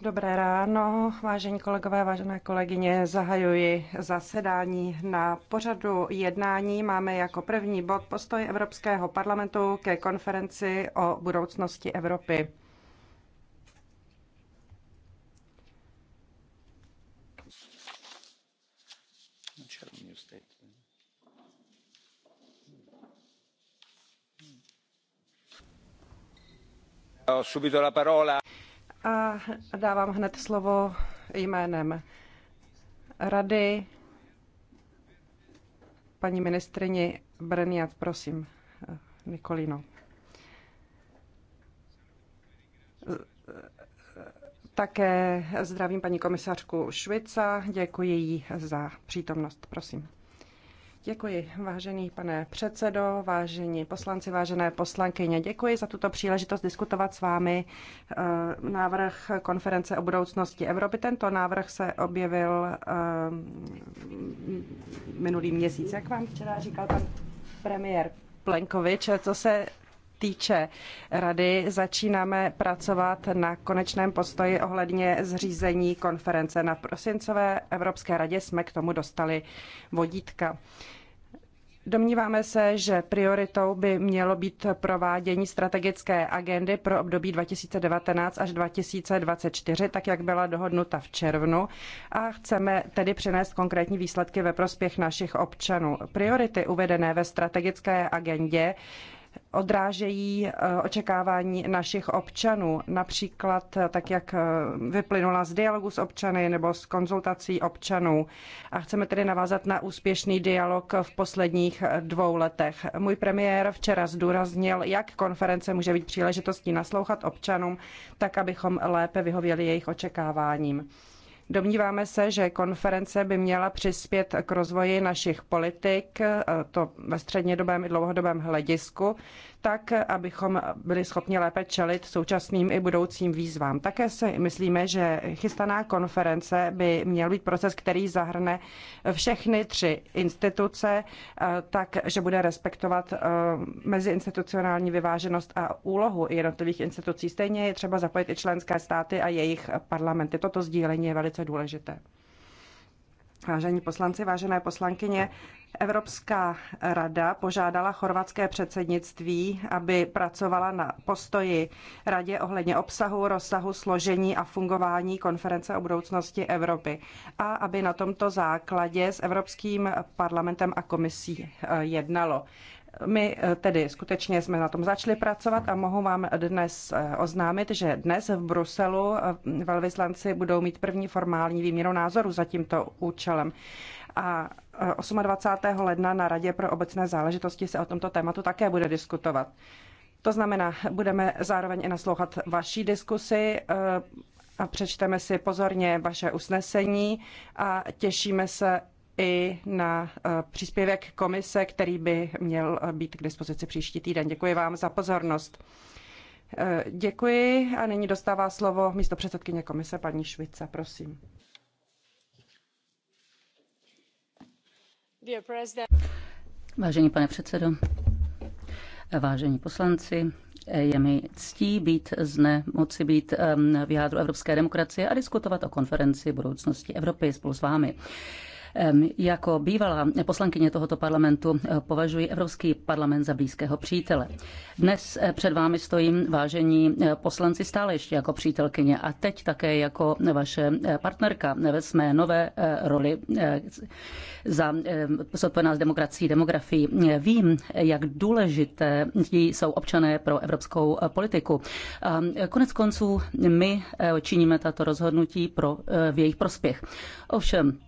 Dobré ráno, vážení kolegové, vážené kolegyně. Zahajuji zasedání. Na pořadu jednání máme jako první bod postoj Evropského parlamentu ke konferenci o budoucnosti Evropy. A dávám hned slovo jménem rady paní ministrini Breniat, prosím, Nikolino. Také zdravím paní komisařku Švica, děkuji jí za přítomnost, prosím. Děkuji, vážený pane předsedo, vážení poslanci, vážené poslankyně. Děkuji za tuto příležitost diskutovat s vámi eh, návrh konference o budoucnosti Evropy. Tento návrh se objevil eh, minulý měsíc, jak vám včera říkal pan premiér Plenkovič, co se týče rady, začínáme pracovat na konečném postoji ohledně zřízení konference. Na prosincové Evropské radě jsme k tomu dostali vodítka. Domníváme se, že prioritou by mělo být provádění strategické agendy pro období 2019 až 2024, tak jak byla dohodnuta v červnu, a chceme tedy přinést konkrétní výsledky ve prospěch našich občanů. Priority uvedené ve strategické agendě odrážejí eh, očekávání našich občanů. Například eh, tak, jak eh, vyplynula z dialogu s občany nebo s konzultací občanů. A chceme tedy navázat na úspěšný dialog v posledních dvou letech. Můj premiér včera zdůraznil, jak konference může být příležitostí naslouchat občanům, tak abychom lépe vyhověli jejich očekáváním. Domníváme se, že konference by měla přispět k rozvoji našich politik, to ve střednědobém i dlouhodobém hledisku, tak abychom byli schopni lépe čelit současným i budoucím výzvám. Také si myslíme, že chystaná konference by měl být proces, který zahrne všechny tři instituce, eh, tak, že bude respektovat eh, meziinstitucionální vyváženost a úlohu jednotlivých institucí. Stejně je třeba zapojit i členské státy a jejich parlamenty. Toto sdílení je velice důležité. Vážení poslanci, vážené poslankyně, Evropská rada požádala chorvatské předsednictví, aby pracovala na postoji radě ohledně obsahu, rozsahu, složení a fungování konference o budoucnosti Evropy a aby na tomto základě s Evropským parlamentem a komisí eh, jednalo. My eh, tedy skutečně jsme na tom začali pracovat a mohu vám dnes eh, oznámit, že dnes v Bruselu eh, velvyslanci budou mít první formální výměnu názoru za tímto účelem. A 28. ledna na Radě pro obecné záležitosti se o tomto tématu také bude diskutovat. To znamená, budeme zároveň i naslouchat vaší diskusi a přečteme si pozorně vaše usnesení a těšíme se i na eh, příspěvek komise, který by měl eh, být k dispozici příští týden. Děkuji vám za pozornost. Eh, děkuji a nyní dostává slovo místo předsedkyně komise paní Švica, prosím. Vážený pane předsedo, vážení poslanci, je mi ctí být zne, moci být ehm, v jádru evropské demokracie a diskutovat o konferenci budoucnosti Evropy spolu s vámi. Jako bývalá poslankyně tohoto parlamentu eh, považuji Evropský parlament za blízkého přítele. Dnes eh, před vámi stojím, vážení eh, poslanci, stále ještě jako přítelkyně a teď také jako vaše partnerka ve své nové roli za zodpovědná s demokracií, demografií. Vím, jak důležité jsou občané pro evropskou politiku. A konec konců my činíme tato rozhodnutí pro, v jejich prospěch. Ovšem,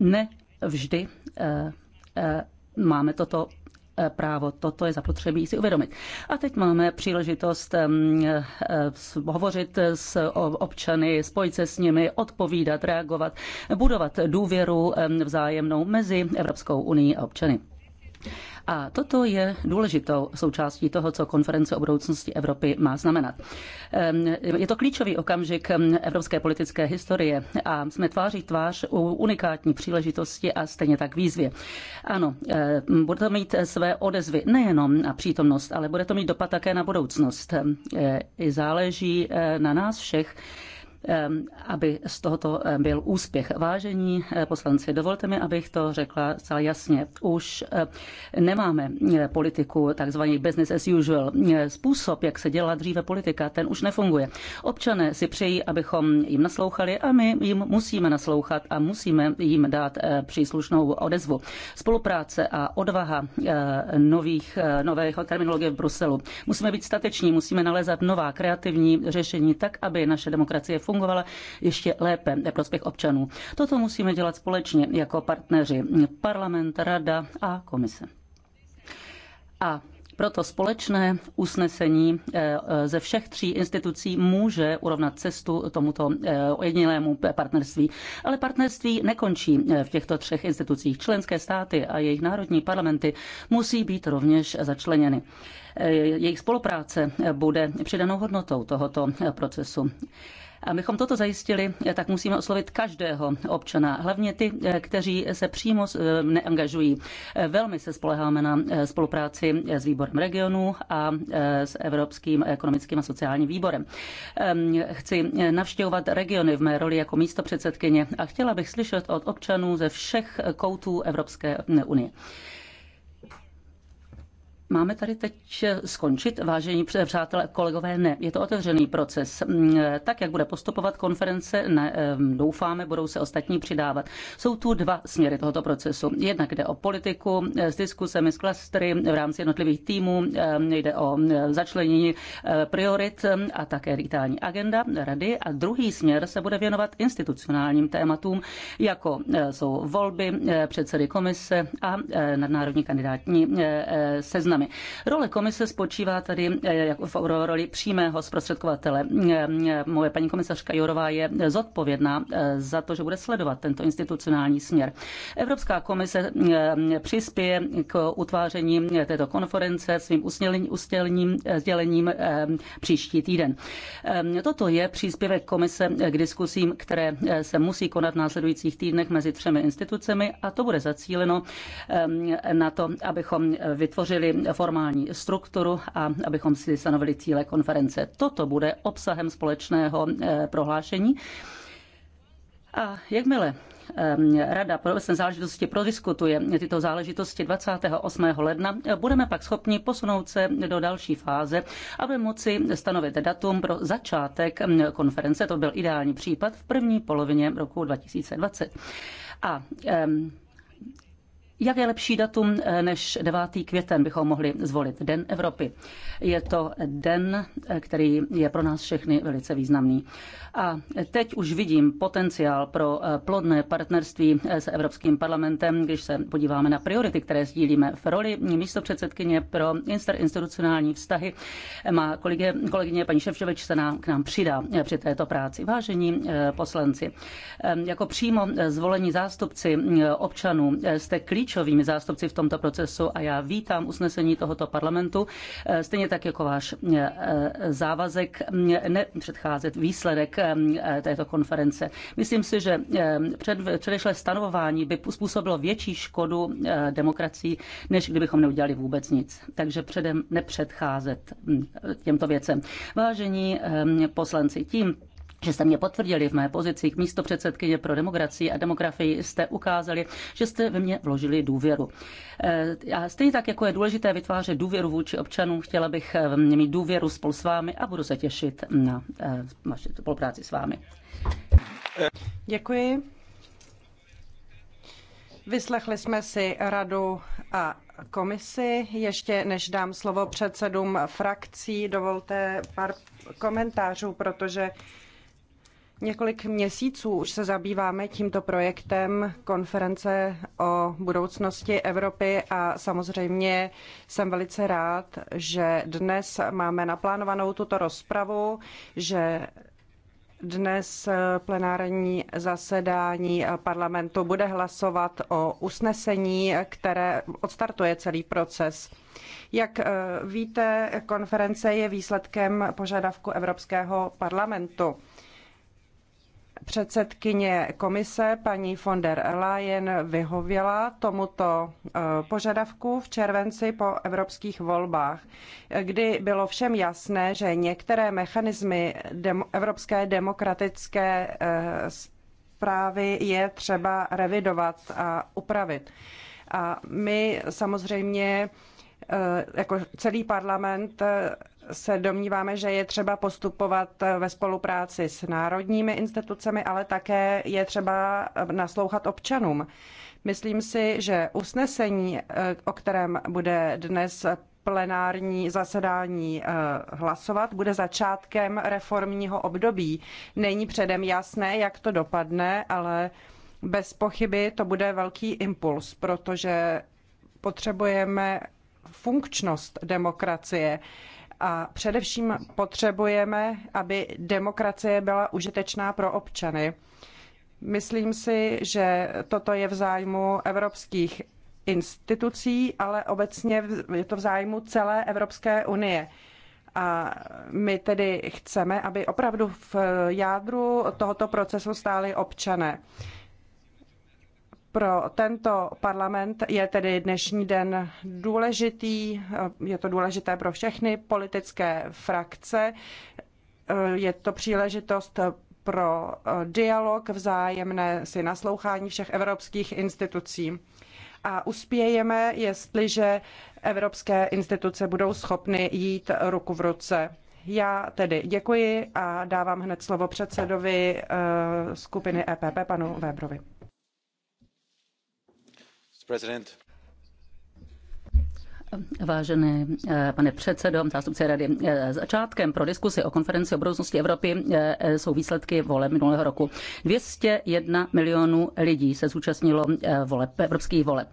ne vždy eh, eh, máme toto eh, právo. Toto je zapotřebí si uvědomit. A teď máme příležitost hovořit s občany, spojit se s nimi, odpovídat, reagovat, budovat důvěru vzájemnou mezi Evropskou unii a občany. A toto je důležitou součástí toho, co konference o budoucnosti Evropy má znamenat. Ehm, je to klíčový okamžik evropské politické historie a jsme tváří tvář u unikátní příležitosti a stejně tak výzvě. Ano, ehm, bude to mít své odezvy nejenom na přítomnost, ale bude to mít dopad také na budoucnost. Ehm, záleží na nás všech, aby z tohoto byl úspěch. Vážení eh, poslanci, dovolte mi, abych to řekla celá jasně. Už eh, nemáme eh, politiku tzv. business as usual. Způsob, jak se dělala dříve politika, ten už nefunguje. Občané si přejí, abychom jim naslouchali a my jim musíme naslouchat a musíme jim dát příslušnou odezvu. Spolupráce a odvaha nových, nových terminologie v Bruselu. Musíme být stateční, musíme nalézat nová kreativní řešení tak, aby naše demokracie fungovala ještě lépe ve prospěch občanů. Toto musíme dělat společně jako partneři parlament, rada a komise. A proto společné usnesení eh, eh, ze všech tří institucí může urovnat cestu tomuto eh, ojedinělému partnerství. Ale partnerství nekončí v těchto třech institucích. Členské státy a jejich národní parlamenty musí být rovněž začleněny. Jejich spolupráce bude přidanou hodnotou tohoto procesu. Abychom toto zajistili, tak musíme oslovit každého občana, hlavně ty, kteří se přímo eh, neangažují. Velmi se spoleháme na eh, spolupráci s výborem regionu a eh, s Evropským ekonomickým a sociálním výborem. Ehm, chci navštěvovat regiony v mé roli jako místo předsedkyně a chtěla bych slyšet od občanů ze všech koutů Evropské unie. Máme tady teď eh, skončit, vážení přátelé, kolegové, ne. Je to otevřený proces. Mm, eh, tak, jak bude postupovat konference, ne, eh, doufáme, budou se ostatní přidávat. Jsou tu dva směry tohoto procesu. Jednak jde o politiku s diskusemi, s klastry v rámci jednotlivých týmů, jde o začlenění priorit a také digitální agenda rady. A druhý směr se bude věnovat institucionálním tématům, jako jsou volby, předsedy komise a nadnárodní kandidátní seznam změnami. Role komise spočívá tady eh, v roli přímého zprostředkovatele. Eh, eh, moje paní komisařka Jorová je zodpovědná za to, že bude sledovat tento institucionální směr. Evropská komise přispěje k utváření této konference svým usnělením, sdělením příští týden. Toto je příspěvek komise k diskusím, které se musí konat v následujících týdnech mezi třemi institucemi a to bude zacíleno na to, abychom vytvořili formální strukturu a abychom si stanovili cíle konference. Toto bude obsahem společného eh, prohlášení. A jakmile eh, Rada pro obecné záležitosti prodiskutuje tyto záležitosti 28. ledna, eh, budeme pak schopni posunout se do další fáze, aby moci stanovit datum pro začátek mm, konference. To byl ideální případ v první polovině roku 2020. A um, jak je lepší datum eh, než 9. květen bychom mohli zvolit? Den Evropy. Je to den, eh, který je pro nás všechny velice významný. A teď už vidím potenciál pro eh, plodné partnerství s Evropským parlamentem, když se podíváme na priority, které sdílíme v roli místo předsedkyně pro interinstitucionální vztahy. Má kolegy, kolegyně paní Ševčovič se nám, k nám přidá při této práci. Vážení poslanci, jako přímo zvolení zástupci občanů jste klíč klíčovými zástupci v tomto procesu a já vítám usnesení tohoto parlamentu, eh, stejně tak jako váš eh, eh, závazek mm, nepředcházet výsledek této konference. Myslím si, že předešlé stanovování by způsobilo větší škodu demokracii, než kdybychom neudělali vůbec nic. Takže předem nepředcházet mm, těmto věcem. Vážení poslanci, tím že jste mě potvrdili v mé pozici místo předsedkyně pro demokracii a demografii, jste ukázali, že jste ve mě vložili důvěru. Eh, a stejně tak, jako je důležité vytvářet důvěru vůči občanům, chtěla bych eh, mít důvěru spolu s vámi a budu se těšit na eh, vaši spolupráci s vámi. Děkuji. Vyslechli jsme si radu a komisi. Ještě než dám slovo předsedům frakcí, dovolte pár komentářů, protože Několik měsíců už se zabýváme tímto projektem konference o budoucnosti Evropy a samozřejmě jsem velice rád, že dnes máme naplánovanou tuto rozpravu, že dnes plenární zasedání parlamentu bude hlasovat o usnesení, které odstartuje celý proces. Jak eh, víte, konference je výsledkem požadavku Evropského parlamentu. Předsedkyně komise paní von der Leyen vyhověla tomuto eh, požadavku v červenci po evropských volbách, kdy bylo všem jasné, že některé mechanismy evropské demokratické eh, zprávy je třeba revidovat a upravit. A my samozřejmě eh, jako celý parlament se domníváme, že je třeba postupovat ve spolupráci s národními institucemi, ale také je třeba naslouchat občanům. Myslím si, že usnesení, o kterém bude dnes plenární zasedání eh, hlasovat, bude začátkem reformního období. Není předem jasné, jak to dopadne, ale bez pochyby to bude velký impuls, protože potřebujeme funkčnost demokracie a především potřebujeme, aby demokracie byla užitečná pro občany. Myslím si, že toto je v zájmu evropských institucí, ale obecně je to v zájmu celé Evropské unie. A my tedy chceme, aby opravdu v jádru tohoto procesu stáli občané. Pro tento parlament je tedy dnešní den důležitý, je to důležité pro všechny politické frakce. Je to příležitost pro dialog, vzájemné si naslouchání všech evropských institucí. A uspějeme, jestliže evropské instituce budou schopny jít ruku v ruce. Já tedy děkuji a dávám hned slovo předsedovi eh, skupiny EPP, panu Webrovi. President. Vážený eh, pane předsedo, zástupce rady, eh, začátkem pro diskusi o konferenci o budoucnosti Evropy eh, jsou výsledky voleb minulého roku. 201 milionů lidí se zúčastnilo voleb, evropských voleb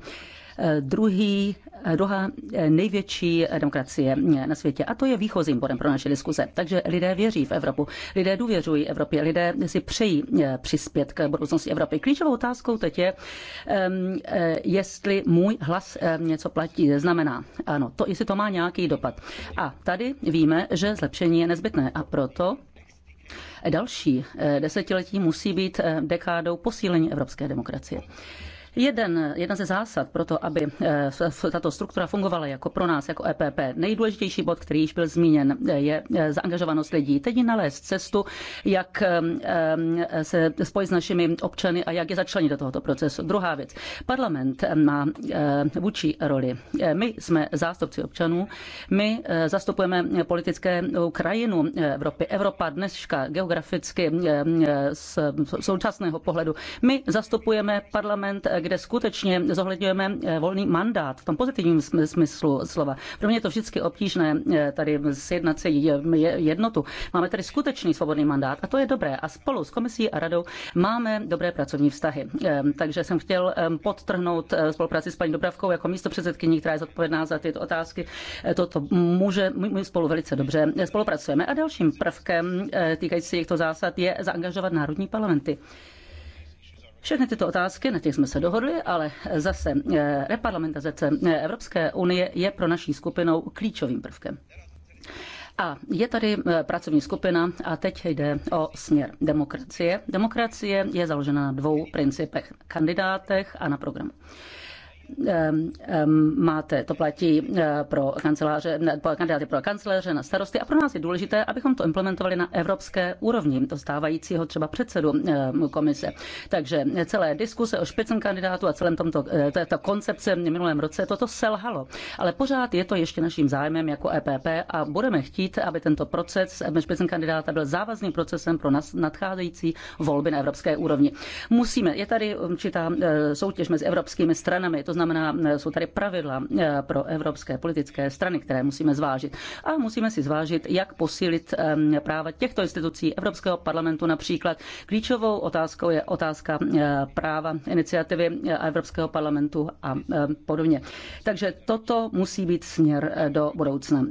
druhý, druhá největší demokracie na světě. A to je výchozím bodem pro naše diskuze. Takže lidé věří v Evropu, lidé důvěřují Evropě, lidé si přejí eh, přispět k budoucnosti Evropy. Klíčovou otázkou teď je, ehm, eh, jestli můj hlas eh, něco platí, znamená. Ano, to, jestli to má nějaký dopad. A tady víme, že zlepšení je nezbytné a proto další desetiletí musí být dekádou posílení evropské demokracie. Jeden, jedna ze zásad pro to, aby eh, tato struktura fungovala jako pro nás, jako EPP, nejdůležitější bod, který již byl zmíněn, eh, je eh, zaangažovanost lidí. Teď nalézt cestu, jak ehm, ehm, se spojit s našimi občany a jak je začlenit do tohoto procesu. Druhá věc. Parlament má vůči roli. My jsme zástupci občanů, my zastupujeme politické krajinu Evropy. Evropa dneska geograficky z současného pohledu. My zastupujeme parlament, kde skutečně zohledňujeme eh, volný mandát v tom pozitivním smyslu slova. Pro mě je to vždycky obtížné eh, tady sjednat se jednotu. Máme tady skutečný svobodný mandát a to je dobré. A spolu s komisí a radou máme dobré pracovní vztahy. Ehm, takže jsem chtěl ehm, podtrhnout eh, spolupráci s paní Dobravkou jako místo předsedkyní, která je zodpovědná za tyto otázky. Toto může, my spolu velice dobře spolupracujeme. A dalším prvkem týkající těchto zásad je zaangažovat národní parlamenty. Všechny tyto otázky, na těch jsme se dohodli, ale zase eh, reparlamentazace eh, Evropské unie je pro naší skupinou klíčovým prvkem. A je tady eh, pracovní skupina a teď jde o směr demokracie. Demokracie je založena na dvou principech, kandidátech a na programu máte, to platí eh, pro kanceláře, pro kandidáty pro kanceláře na starosty a pro nás je důležité, abychom to implementovali na evropské úrovni, dostávajícího třeba předsedu komise. Takže celé diskuse o špicem kandidátu a celém tomto, eh, této koncepce v minulém roce, toto selhalo. Ale pořád je to ještě naším zájmem jako EPP a budeme chtít, aby tento proces špicem kandidáta byl závazným procesem pro nadcházející volby na evropské úrovni. Musíme, je tady určitá eh, soutěž mezi evropskými stranami, to znamená, e, jsou tady pravidla e, pro evropské politické strany, které musíme zvážit. A musíme si zvážit, jak posílit e, práva těchto institucí Evropského parlamentu například. Klíčovou otázkou je otázka práva iniciativy Evropského parlamentu a podobně. Takže toto musí být směr do budoucna.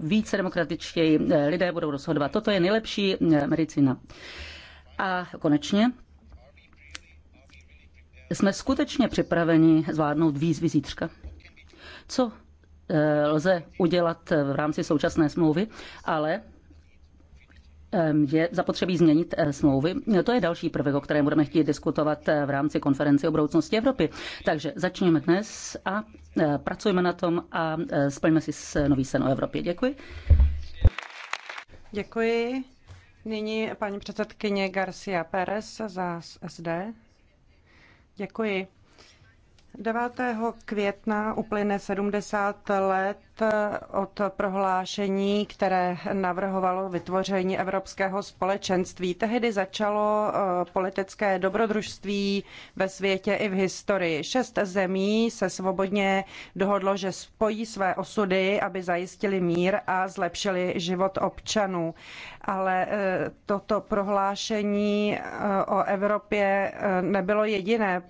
Více demokratičtěji lidé budou rozhodovat. Toto je nejlepší medicína. A konečně jsme skutečně připraveni zvládnout výzvy zítřka? Co eh, lze udělat eh, v rámci současné smlouvy, ale ehm, je zapotřebí změnit eh, smlouvy. To je další prvek, o kterém budeme chtít diskutovat v rámci konference o budoucnosti Evropy. Takže začněme dnes a pracujeme na tom a splňme si nový sen o Evropě. Děkuji. Děkuji. Nyní paní předsedkyně Garcia Pérez za SD. Děkuji. 9. května uplyne 70 let od prohlášení, které navrhovalo vytvoření Evropského společenství. Tehdy začalo eh, politické dobrodružství ve světě i v historii. Šest zemí se svobodně dohodlo, že spojí své osudy, aby zajistili mír a zlepšili život občanů. Ale eh, toto prohlášení eh, o Evropě nebylo jediné.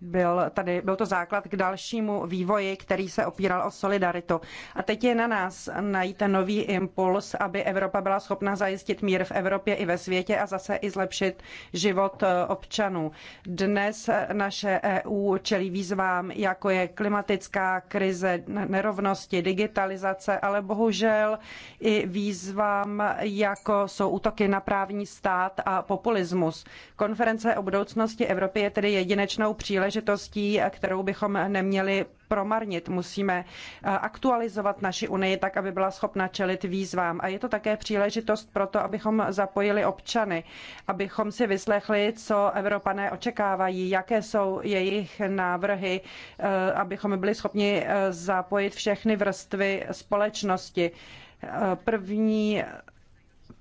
Byl tady byl to základ k dalšímu vývoji, který se opíral o solidaritu. A teď je na nás najít ten nový impuls, aby Evropa byla schopna zajistit mír v Evropě i ve světě a zase i zlepšit život eh, občanů. Dnes naše EU čelí výzvám, jako je klimatická krize, nerovnosti, digitalizace, ale bohužel i výzvám, jako jsou útoky na právní stát a populismus. Konference o budoucnosti Evropy je tedy jedinečnou příležitostí kterou bychom neměli promarnit. Musíme eh, aktualizovat naši Unii tak, aby byla schopna čelit výzvám. A je to také příležitost pro to, abychom zapojili občany, abychom si vyslechli, co Evropané očekávají, jaké jsou jejich návrhy, eh, abychom byli schopni eh, zapojit všechny vrstvy společnosti. První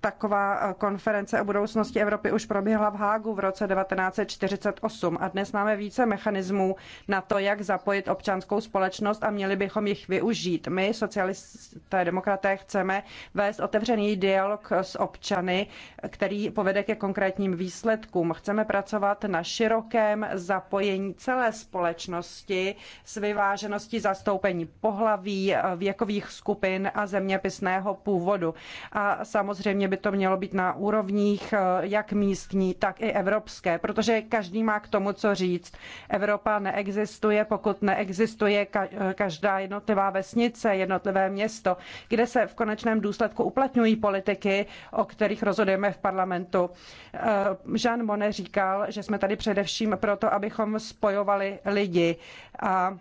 Taková eh, konference o budoucnosti Evropy už proběhla v Hágu v roce 1948 a dnes máme více mechanismů na to, jak zapojit občanskou společnost a měli bychom jich využít. My, socialisté demokraté, chceme vést otevřený dialog s občany, který povede ke konkrétním výsledkům. Chceme pracovat na širokém zapojení celé společnosti s vyvážeností zastoupení pohlaví, eh, věkových skupin a zeměpisného původu. A samozřejmě by to mělo být na úrovních eh, jak místní, tak i evropské, protože každý má k tomu co říct. Evropa neexistuje, pokud neexistuje eh, každá jednotlivá vesnice, jednotlivé město, kde se v konečném důsledku uplatňují politiky, o kterých rozhodujeme v parlamentu. Eh, Jean Monnet říkal, že jsme tady především proto, abychom spojovali lidi. A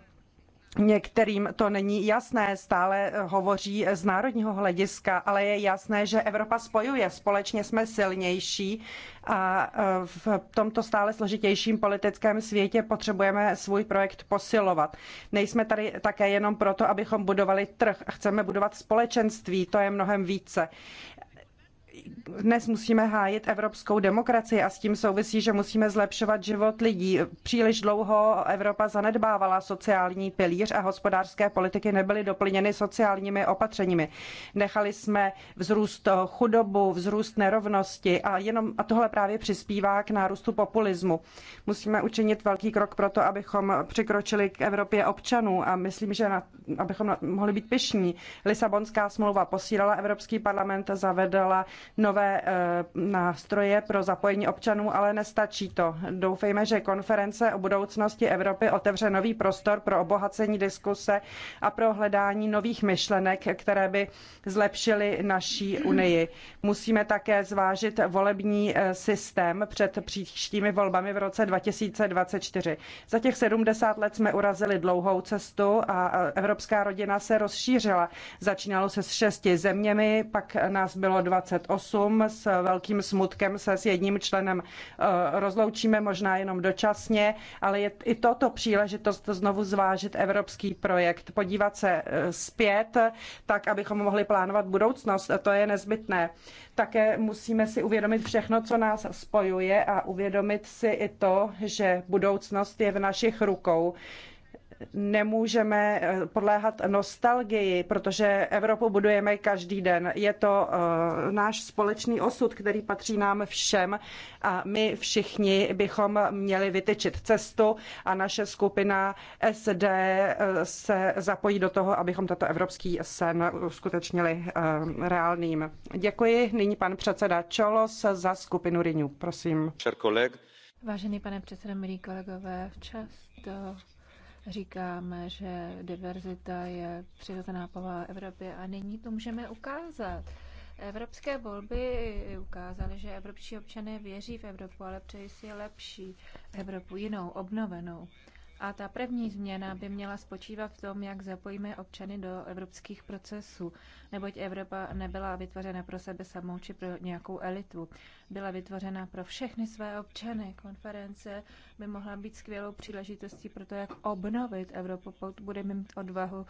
Některým to není jasné, stále hovoří z národního hlediska, ale je jasné, že Evropa spojuje, společně jsme silnější a e, v tomto stále složitějším politickém světě potřebujeme svůj projekt posilovat. Nejsme tady také jenom proto, abychom budovali trh, chceme budovat společenství, to je mnohem více dnes musíme hájit evropskou demokracii a s tím souvisí, že musíme zlepšovat život lidí. Příliš dlouho Evropa zanedbávala sociální pilíř a hospodářské politiky nebyly doplněny sociálními opatřeními. Nechali jsme vzrůst chudobu, vzrůst nerovnosti a, jenom, a tohle právě přispívá k nárůstu populismu. Musíme učinit velký krok pro to, abychom přikročili k Evropě občanů a myslím, že na, abychom na, mohli být pyšní. Lisabonská smlouva posílala Evropský parlament, zavedla nové eh, nástroje pro zapojení občanů, ale nestačí to. Doufejme, že konference o budoucnosti Evropy otevře nový prostor pro obohacení diskuse a pro hledání nových myšlenek, které by zlepšily naší unii. Musíme také zvážit volební eh, systém před příštími volbami v roce 2024. Za těch 70 let jsme urazili dlouhou cestu a evropská rodina se rozšířila. Začínalo se s šesti zeměmi, pak nás bylo 20 2008 s velkým smutkem se s jedním členem eh, rozloučíme, možná jenom dočasně, ale je i toto příležitost znovu zvážit evropský projekt, podívat se eh, zpět, tak abychom mohli plánovat budoucnost. To je nezbytné. Také musíme si uvědomit všechno, co nás spojuje a uvědomit si i to, že budoucnost je v našich rukou nemůžeme eh, podléhat nostalgii, protože Evropu budujeme každý den. Je to eh, náš společný osud, který patří nám všem a my všichni bychom měli vytyčit cestu a naše skupina SD eh, se zapojí do toho, abychom tato evropský sen uskutečnili reálným. Děkuji. Nyní pan předseda Čolos za skupinu Rinu. Prosím. Vážený pane předsedo, milí kolegové, včas do říkáme, že diverzita je přirozená povaha Evropy a nyní to můžeme ukázat. Evropské volby ukázaly, že evropští občané věří v Evropu, ale přeji si lepší Evropu, jinou, obnovenou. A ta první změna by měla spočívat v tom, jak zapojíme občany do evropských procesů, neboť Evropa nebyla vytvořena pro sebe samou či pro nějakou elitu. Byla vytvořena pro všechny své občany. Konference by mohla být skvělou příležitostí pro to, jak obnovit Evropu, pokud budeme mít odvahu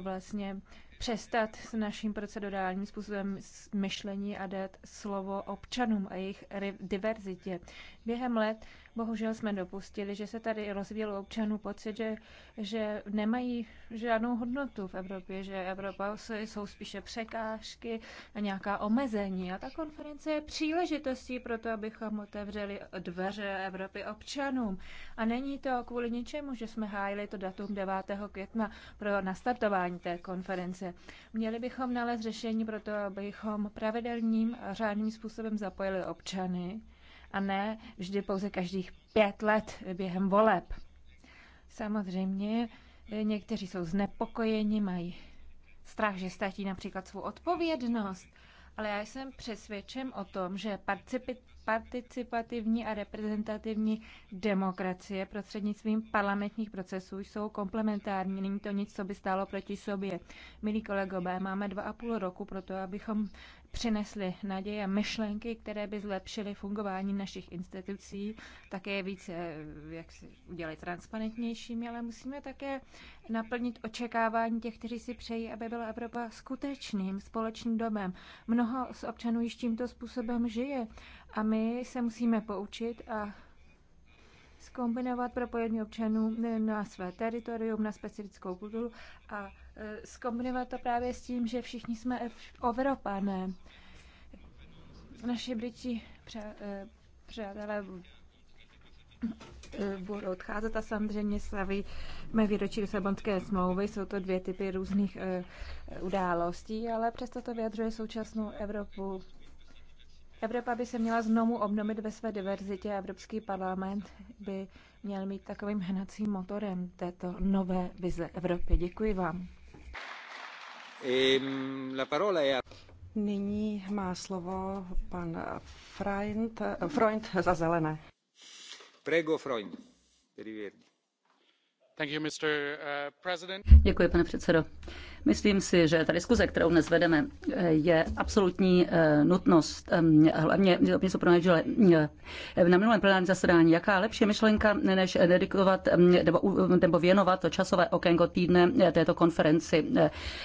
vlastně přestat s naším procedurálním způsobem myšlení a dát slovo občanům a jejich diverzitě. Během let bohužel jsme dopustili, že se tady rozvíjelo občanů pocit, že, že nemají žádnou hodnotu v Evropě, že Evropa jsou spíše překážky a nějaká omezení. A ta konference je příležitostí pro to, abychom otevřeli dveře Evropy občanům. A není to kvůli ničemu, že jsme hájili to datum 9. května pro nastartování té konference práce. Měli bychom nalézt řešení pro to, abychom pravidelným a řádným způsobem zapojili občany a ne vždy pouze každých pět let během voleb. Samozřejmě eh, někteří jsou znepokojeni, mají strach, že ztratí například svou odpovědnost, ale já jsem přesvědčen o tom, že participativní a reprezentativní demokracie prostřednictvím parlamentních procesů jsou komplementární. Není to nic, co by stálo proti sobě. Milí kolegové, máme dva a půl roku pro to, abychom přinesli naděje a myšlenky, které by zlepšily fungování našich institucí, také více, eh, jak se udělat transparentnějšími, ale musíme také naplnit očekávání těch, kteří si přejí, aby byla Evropa skutečným společným domem. Mnoho z občanů již tímto způsobem žije a my se musíme poučit a skombinovat propojení občanů na své teritorium, na specifickou kulturu a e, skombinovat to právě s tím, že všichni jsme Evropané. Naši britští e, přátelé e, budou odcházet a samozřejmě mé výročí Lisabonské smlouvy. Jsou to dvě typy různých událostí, ale přesto to vyjadřuje současnou Evropu Evropa by se měla znovu obnovit ve své diverzitě a Evropský parlament by měl mít takovým hnacím motorem této nové vize Evropy. Děkuji vám. Ehm, Nyní má slovo pan Freund, Freund za zelené. Prego Freund. Uh, Děkuji, pane předsedo. Myslím si, že ta diskuze, kterou dnes vedeme, je absolutní eh, nutnost. Eh, hlavně něco pro že eh, na minulém plenárním zasedání, jaká lepší myšlenka, než dedikovat nebo, nebo věnovat to časové okénko týdne této konferenci.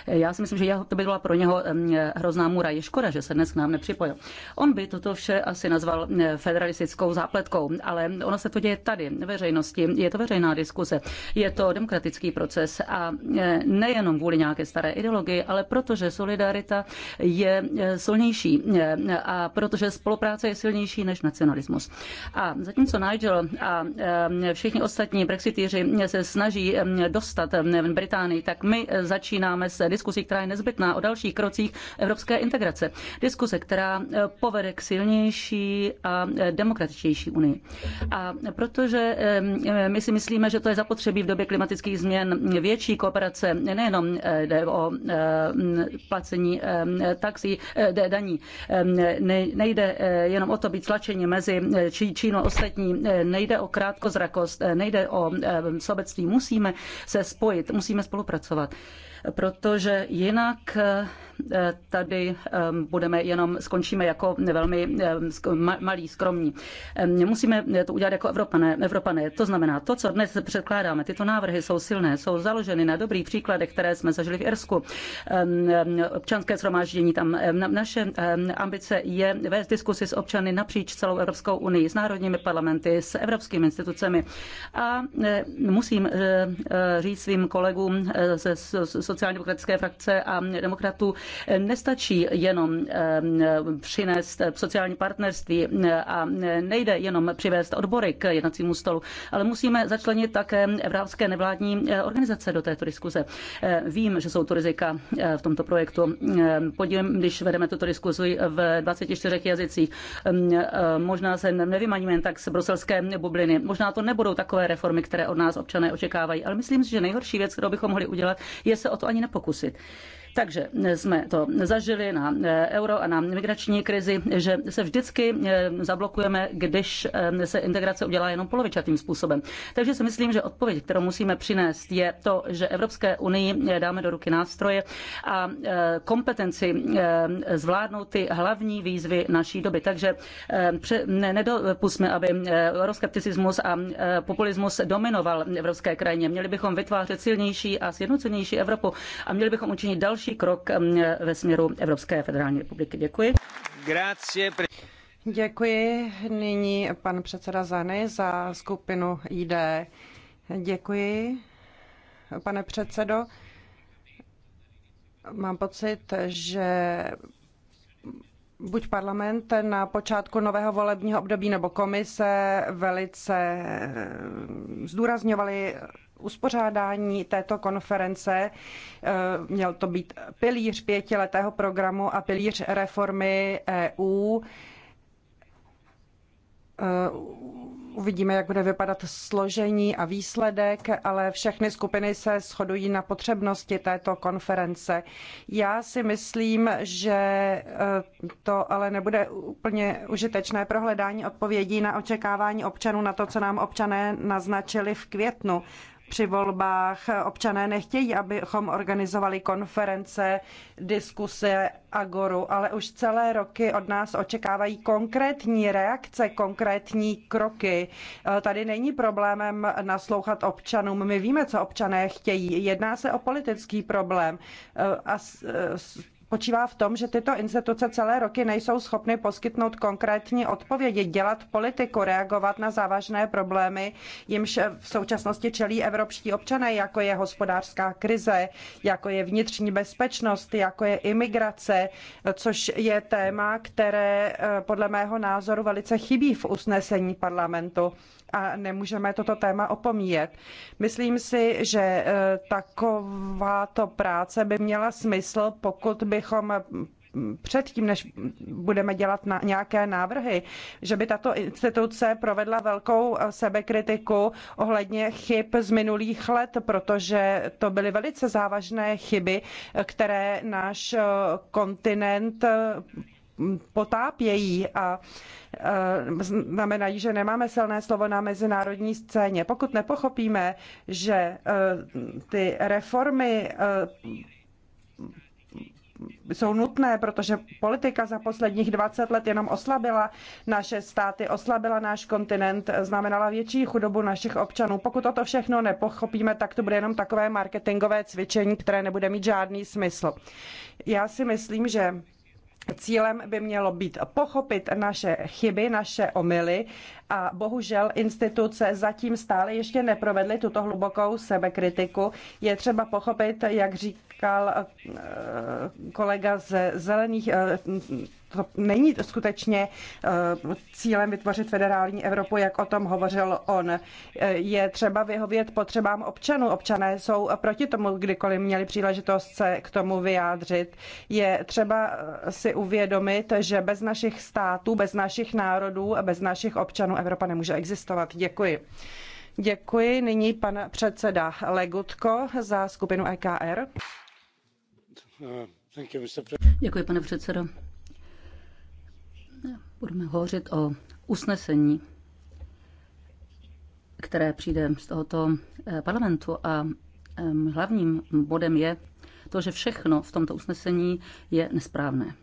Já si myslím, že to by byla pro něho hrozná můra. Je škoda, že se dnes k nám nepřipojil. On by toto vše asi nazval federalistickou zápletkou, ale ono se to děje tady, veřejnosti. Je to veřejná diskuze, je to demokratický proces a nejenom kvůli nějaké staré ideologii, ale protože solidarita je e, silnější e, a protože spolupráce je silnější než nacionalismus. A zatímco Nigel a e, všichni ostatní brexitíři se snaží dostat v Británii, tak my začínáme s diskusí, která je nezbytná o dalších krocích evropské integrace. Diskuse, která povede k silnější a demokratičtější unii. A protože my si myslíme, že to je zapotřebí v době klimatických změn větší kooperace nejenom o placení taxí, daní. Nejde jenom o to být tlačení mezi e, Čínu a ostatní, e, nejde o krátkozrakost, e, nejde o sobectví. Musíme se spojit, musíme spolupracovat, protože jinak tady ehm, budeme jenom, skončíme jako velmi ehm, malí, skromní. Ehm, musíme to udělat jako Evropané. Evropané. To znamená, to, co dnes předkládáme, tyto návrhy jsou silné, jsou založeny na dobrých příkladech, které jsme zažili v Irsku. Občanské shromáždění tam. Naše ambice je vést diskusy s občany napříč celou Evropskou unii, s národními parlamenty, s evropskými institucemi. A musím říct svým kolegům ze sociálně demokratické frakce a demokratů, Nestačí jenom eh, přinést sociální partnerství eh, a nejde jenom přivést odbory k jednacímu stolu, ale musíme začlenit také evropské nevládní eh, organizace do této diskuze. Vím, že jsou to rizika v tomto projektu. Podívám, když vedeme tuto diskuzi v 24 jazycích, mm, možná se nevymaníme jen tak z bruselské bubliny. Možná to nebudou takové reformy, které od nás občané očekávají, ale myslím si, že nejhorší věc, kterou bychom mohli udělat, je se o to ani nepokusit. Takže eh, jsme to zažili na eh, euro a na migrační krizi, že se vždycky eh, zablokujeme, když se integrace udělá jenom polovičatým způsobem. Takže si myslím, že odpověď, kterou musíme přinést, je to, že Evropské unii dáme do ruky nástroje a kompetenci zvládnout ty hlavní výzvy naší doby. Takže nedopustme, aby euroskepticismus a populismus dominoval evropské krajině. Měli bychom vytvářet silnější a sjednocenější Evropu a měli bychom učinit další další krok ve směru Evropské federální republiky. Děkuji. Grazie. Děkuji. Nyní pan předseda Zany za skupinu ID. Děkuji, pane předsedo. Mám pocit, že buď parlament na počátku nového volebního období nebo komise velice zdůrazňovali uspořádání této konference. Eh, měl to být pilíř pětiletého programu a pilíř reformy EU. Eh, uvidíme, jak bude vypadat složení a výsledek, ale všechny skupiny se shodují na potřebnosti této konference. Já si myslím, že eh, to ale nebude úplně užitečné prohledání odpovědí na očekávání občanů na to, co nám občané naznačili v květnu při volbách. Občané nechtějí, abychom organizovali konference, diskuse, agoru, ale už celé roky od nás očekávají konkrétní reakce, konkrétní kroky. Eh, tady není problémem naslouchat občanům. My víme, co občané chtějí. Jedná se o politický problém. Eh, a eh, spočívá v tom, že tyto instituce celé roky nejsou schopny poskytnout konkrétní odpovědi, dělat politiku, reagovat na závažné problémy, jimž v současnosti čelí evropští občané, jako je hospodářská krize, jako je vnitřní bezpečnost, jako je imigrace, což je téma, které eh, podle mého názoru velice chybí v usnesení parlamentu a nemůžeme toto téma opomíjet. Myslím si, že eh, takováto práce by měla smysl, pokud bychom hm, předtím, než budeme dělat na nějaké návrhy, že by tato instituce provedla velkou eh, sebekritiku ohledně chyb z minulých let, protože to byly velice závažné chyby, eh, které náš kontinent potápějí a znamenají, že nemáme silné slovo na mezinárodní scéně. Pokud nepochopíme, že e, ty reformy e, jsou nutné, protože politika za posledních 20 let jenom oslabila naše státy, oslabila náš kontinent, znamenala větší chudobu našich občanů. Pokud toto všechno nepochopíme, tak to bude jenom takové marketingové cvičení, které nebude mít žádný smysl. Já si myslím, že Cílem by mělo být pochopit naše chyby, naše omily a bohužel instituce zatím stále ještě neprovedly tuto hlubokou sebekritiku. Je třeba pochopit, jak říkal eh, kolega ze zelených eh, to není skutečně eh, cílem vytvořit federální Evropu, jak o tom hovořil on. Eh, je třeba vyhovět potřebám občanů. Občané jsou proti tomu, kdykoliv měli příležitost se k tomu vyjádřit. Je třeba eh, si uvědomit, že bez našich států, bez našich národů a bez našich občanů Evropa nemůže existovat. Děkuji. Děkuji. Nyní pan předseda Legutko za skupinu EKR. Uh, Děkuji, pane předsedo. Budeme hovořit o usnesení, které přijde z tohoto eh, parlamentu a hlavním bodem je to, že všechno v tomto usnesení je nesprávné.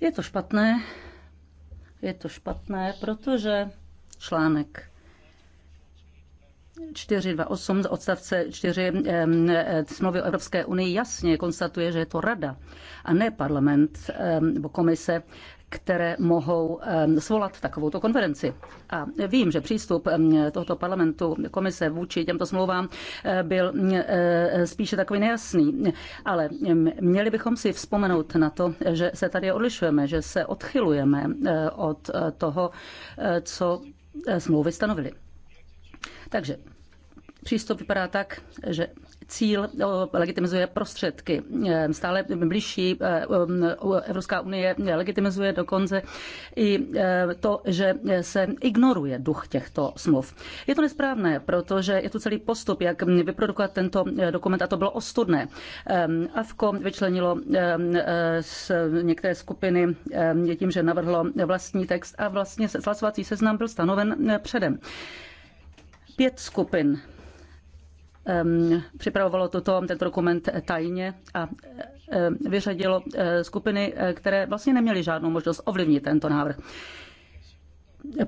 Je to špatné, je to špatné, protože článek 428 odstavce 4 smlouvy o Evropské unii jasně konstatuje, že je to rada a ne parlament nebo komise, které mohou svolat takovouto konferenci. A vím, že přístup tohoto parlamentu komise vůči těmto smlouvám eh, byl eh, spíše takový nejasný, ale měli bychom si vzpomenout na to, že se tady odlišujeme, že se odchylujeme eh, od toho, co smlouvy stanovily. Takže přístup vypadá tak, že cíl eh, legitimizuje prostředky. Eh, stále blížší eh, Evropská unie legitimizuje dokonce i to, že se ignoruje duch těchto smluv. Je to nesprávné, protože je tu celý postup, jak vyprodukovat tento dokument a to bylo ostudné. AFKO vyčlenilo z některé skupiny tím, že navrhlo vlastní text a vlastně hlasovací seznam byl stanoven předem. Pět skupin připravovalo toto, tento dokument tajně a vyřadilo e, skupiny, e, které vlastně neměly žádnou možnost ovlivnit tento návrh.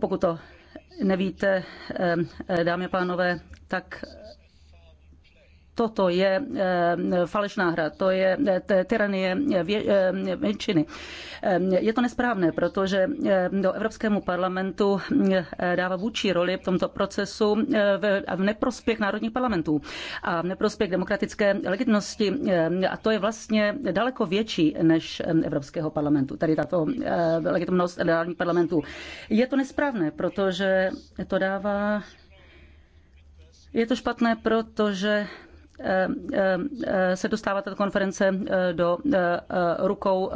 Pokud to nevíte, dámy a pánové, tak Toto je eh, falešná hra, to je eh, tyranie eh, většiny. Je to nesprávné, protože do Evropskému parlamentu dává vůči roli v tomto procesu v neprospěch národních parlamentů a v neprospěch demokratické legitimnosti. A to je vlastně daleko větší než Evropského parlamentu, tady tato legitimnost národních parlamentů. Je to nesprávné, protože to dává. Je to špatné, protože se dostává tato konference eh, do eh, eh, rukou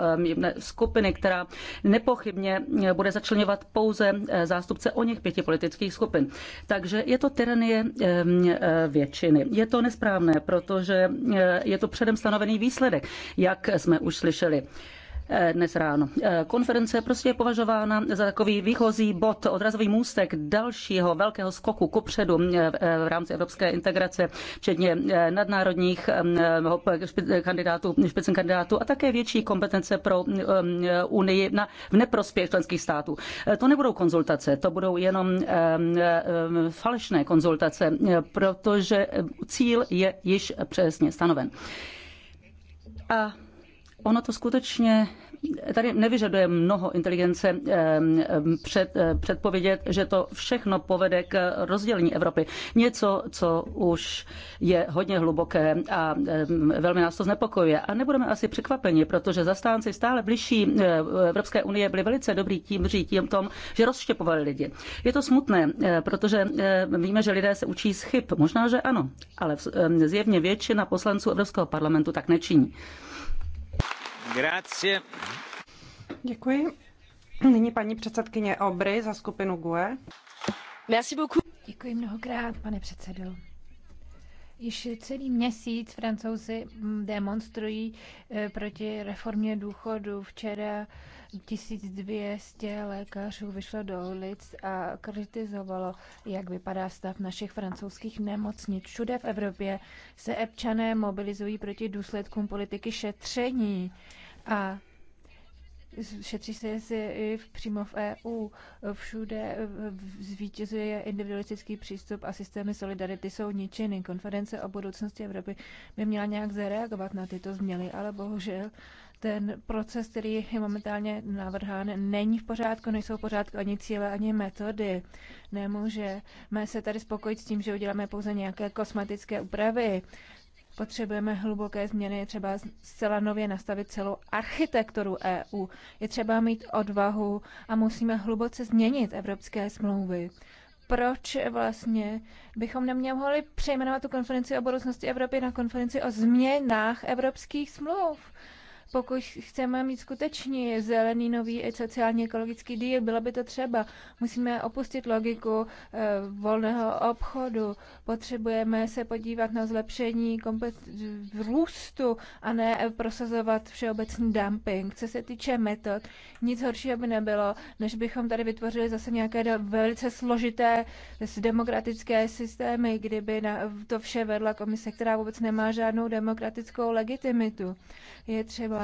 skupiny, která nepochybně bude začlenovat pouze zástupce o něch pěti politických skupin. Takže je to tyranie ehm, většiny. Je to nesprávné, protože je to předem stanovený výsledek, jak jsme už slyšeli. Eh, dnes ráno. Eh, konference prostě je považována za takový výchozí bod, odrazový můstek dalšího velkého skoku kupředu eh, v rámci evropské integrace, včetně nadnárodních kandidátů, špicen kandidátů a také větší kompetence pro Unii na, v neprospěch členských států. To nebudou konzultace, to budou jenom falešné konzultace, protože cíl je již přesně stanoven. A ono to skutečně tady nevyžaduje mnoho inteligence eh, eh, před, eh, předpovědět, že to všechno povede k rozdělení Evropy. Něco, co už je hodně hluboké a velmi nás to znepokojuje. A nebudeme asi překvapeni, protože zastánci stále blížší Evropské unie byli velice dobrý tím tím tom, že rozštěpovali lidi. Je to smutné, protože víme, že lidé se učí z chyb. Možná, že ano, ale zjevně většina poslanců Evropského parlamentu tak nečiní. Děkuji. Nyní paní předsedkyně Obry za skupinu GUE. Merci beaucoup. Děkuji mnohokrát, pane předsedo. Již celý měsíc francouzi mm, demonstrují eh, proti reformě důchodu. Včera 1200 lékařů vyšlo do ulic a kritizovalo, jak vypadá stav našich francouzských nemocnic. Všude v Evropě se občané mobilizují proti důsledkům politiky šetření a šetří se si i v, přímo v EU. Všude zvítězuje individualistický přístup a systémy solidarity jsou ničeny. Konference o budoucnosti Evropy by měla nějak zareagovat na tyto změny, ale bohužel ten proces, který je momentálně navrhán, není v pořádku, nejsou v pořádku ani cíle, ani metody. Nemůžeme se tady spokojit s tím, že uděláme pouze nějaké kosmetické úpravy. Potřebujeme hluboké změny, je třeba zcela nově nastavit celou architekturu EU. Je třeba mít odvahu a musíme hluboce změnit evropské smlouvy proč vlastně bychom neměli přejmenovat tu konferenci o budoucnosti Evropy na konferenci o změnách evropských smluv. Pokud chceme mít skutečně zelený nový sociálně ekologický díl, bylo by to třeba. Musíme opustit logiku eh, volného obchodu. Potřebujeme se podívat na zlepšení kompet- růstu a ne prosazovat všeobecný dumping. Co se týče metod, nic horšího by nebylo, než bychom tady vytvořili zase nějaké velice složité demokratické systémy, kdyby na to vše vedla komise, která vůbec nemá žádnou demokratickou legitimitu. Je třeba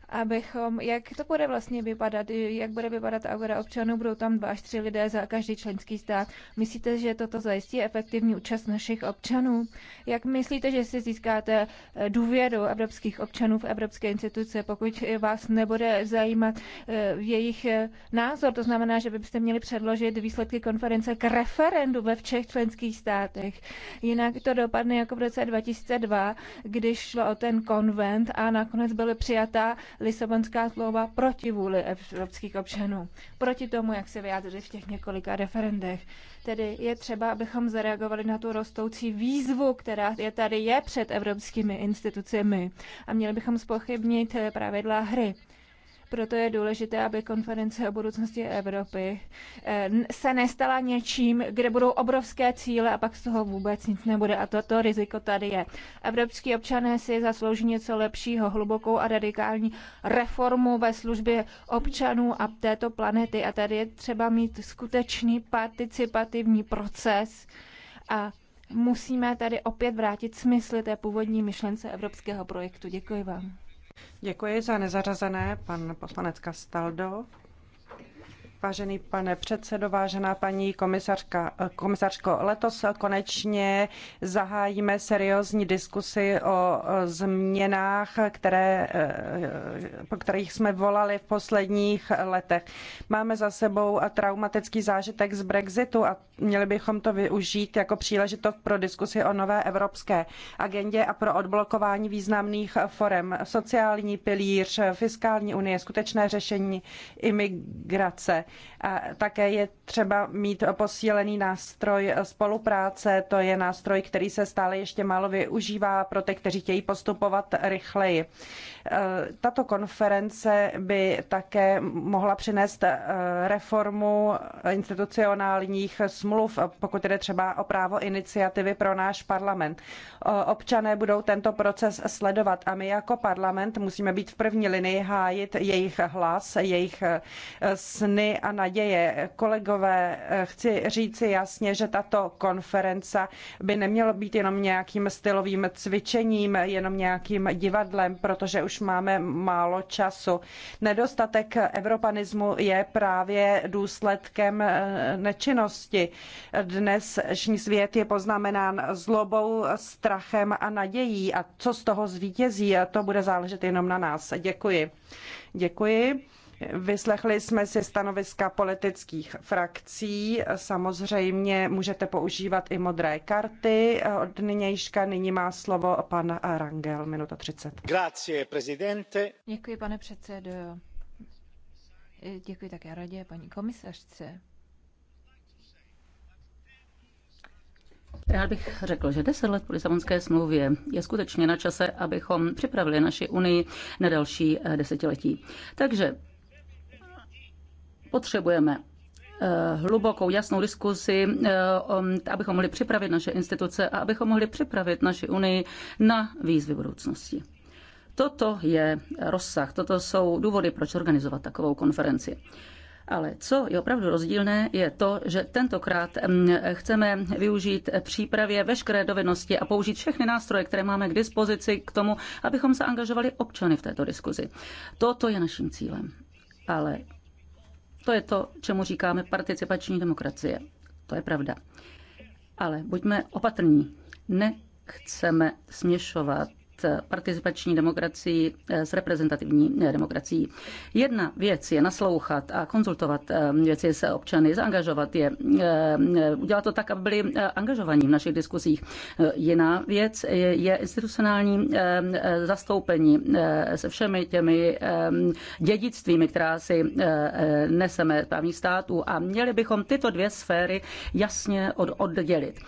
abychom, jak to bude vlastně vypadat, jak bude vypadat agora občanů, budou tam dva až tři lidé za každý členský stát. Myslíte, že toto zajistí efektivní účast našich občanů? Jak myslíte, že si získáte eh, důvěru evropských občanů v evropské instituce, pokud vás nebude zajímat eh, jejich eh, názor? To znamená, že byste měli předložit výsledky konference k referendu ve všech členských státech. Jinak to dopadne jako v roce 2002, když šlo o ten konvent a nakonec byly přijata Lisabonská slova proti vůli evropských občanů, proti tomu, jak se vyjádřili v těch několika referendech. Tedy je třeba, abychom zareagovali na tu rostoucí výzvu, která je tady je před evropskými institucemi a měli bychom spochybnit eh, pravidla hry. Proto je důležité, aby konference o budoucnosti Evropy eh, se nestala něčím, kde budou obrovské cíle a pak z toho vůbec nic nebude. A toto riziko tady je. Evropský občané si zaslouží něco lepšího, hlubokou a radikální reformu ve službě občanů a této planety. A tady je třeba mít skutečný participativní proces a musíme tady opět vrátit smysl té původní myšlence evropského projektu. Děkuji vám. Děkuji za nezařazené, pan poslanec Kastaldo. Vážený pane předsedo, vážená paní komisařka, komisařko, letos konečně zahájíme seriózní diskusi o změnách, které, po kterých jsme volali v posledních letech. Máme za sebou traumatický zážitek z Brexitu a měli bychom to využít jako příležitost pro diskusi o nové evropské agendě a pro odblokování významných forem. Sociální pilíř, fiskální unie, skutečné řešení imigrace také je třeba mít posílený nástroj spolupráce. To je nástroj, který se stále ještě málo využívá pro ty, kteří chtějí postupovat rychleji. E, tato konference by také mohla přinést e, reformu institucionálních smluv, pokud jde třeba o právo iniciativy pro náš parlament. Občané budou tento proces sledovat a my jako parlament musíme být v první linii hájit jejich hlas, jejich e, sny a naděje. Kolegové kolegové, eh, chci říci jasně, že tato konference by neměla být jenom nějakým stylovým cvičením, jenom nějakým divadlem, protože už máme málo času. Nedostatek evropanismu je právě důsledkem eh, nečinnosti. Dnešní svět je poznamenán zlobou, strachem a nadějí. A co z toho zvítězí, to bude záležet jenom na nás. Děkuji. Děkuji. Vyslechli jsme si stanoviska politických frakcí. Samozřejmě můžete používat i modré karty. Od nynějška nyní má slovo pan Rangel, minuta 30. Grazie, presidente. Děkuji, pane předsedo. Děkuji také radě, paní komisařce. Rád bych řekl, že deset let po Lisabonské smlouvě je skutečně na čase, abychom připravili naši Unii na další desetiletí. Takže Potřebujeme eh, hlubokou, jasnou diskusi, eh, abychom mohli připravit naše instituce a abychom mohli připravit naši Unii na výzvy budoucnosti. Toto je rozsah, toto jsou důvody, proč organizovat takovou konferenci. Ale co je opravdu rozdílné, je to, že tentokrát mm, chceme využít přípravě veškeré dovednosti a použít všechny nástroje, které máme k dispozici k tomu, abychom se angažovali občany v této diskuzi. Toto je naším cílem. Ale to je to, čemu říkáme participační demokracie. To je pravda. Ale buďme opatrní. Nechceme směšovat participační demokracii eh, s reprezentativní eh, demokracií. Jedna věc je naslouchat a konzultovat eh, věci se občany, zaangažovat je, udělat to tak, aby byli angažovaní v našich diskusích. Jiná věc je institucionální zastoupení se všemi těmi dědictvími, která si neseme právní států a měli bychom tyto dvě sféry jasně oddělit.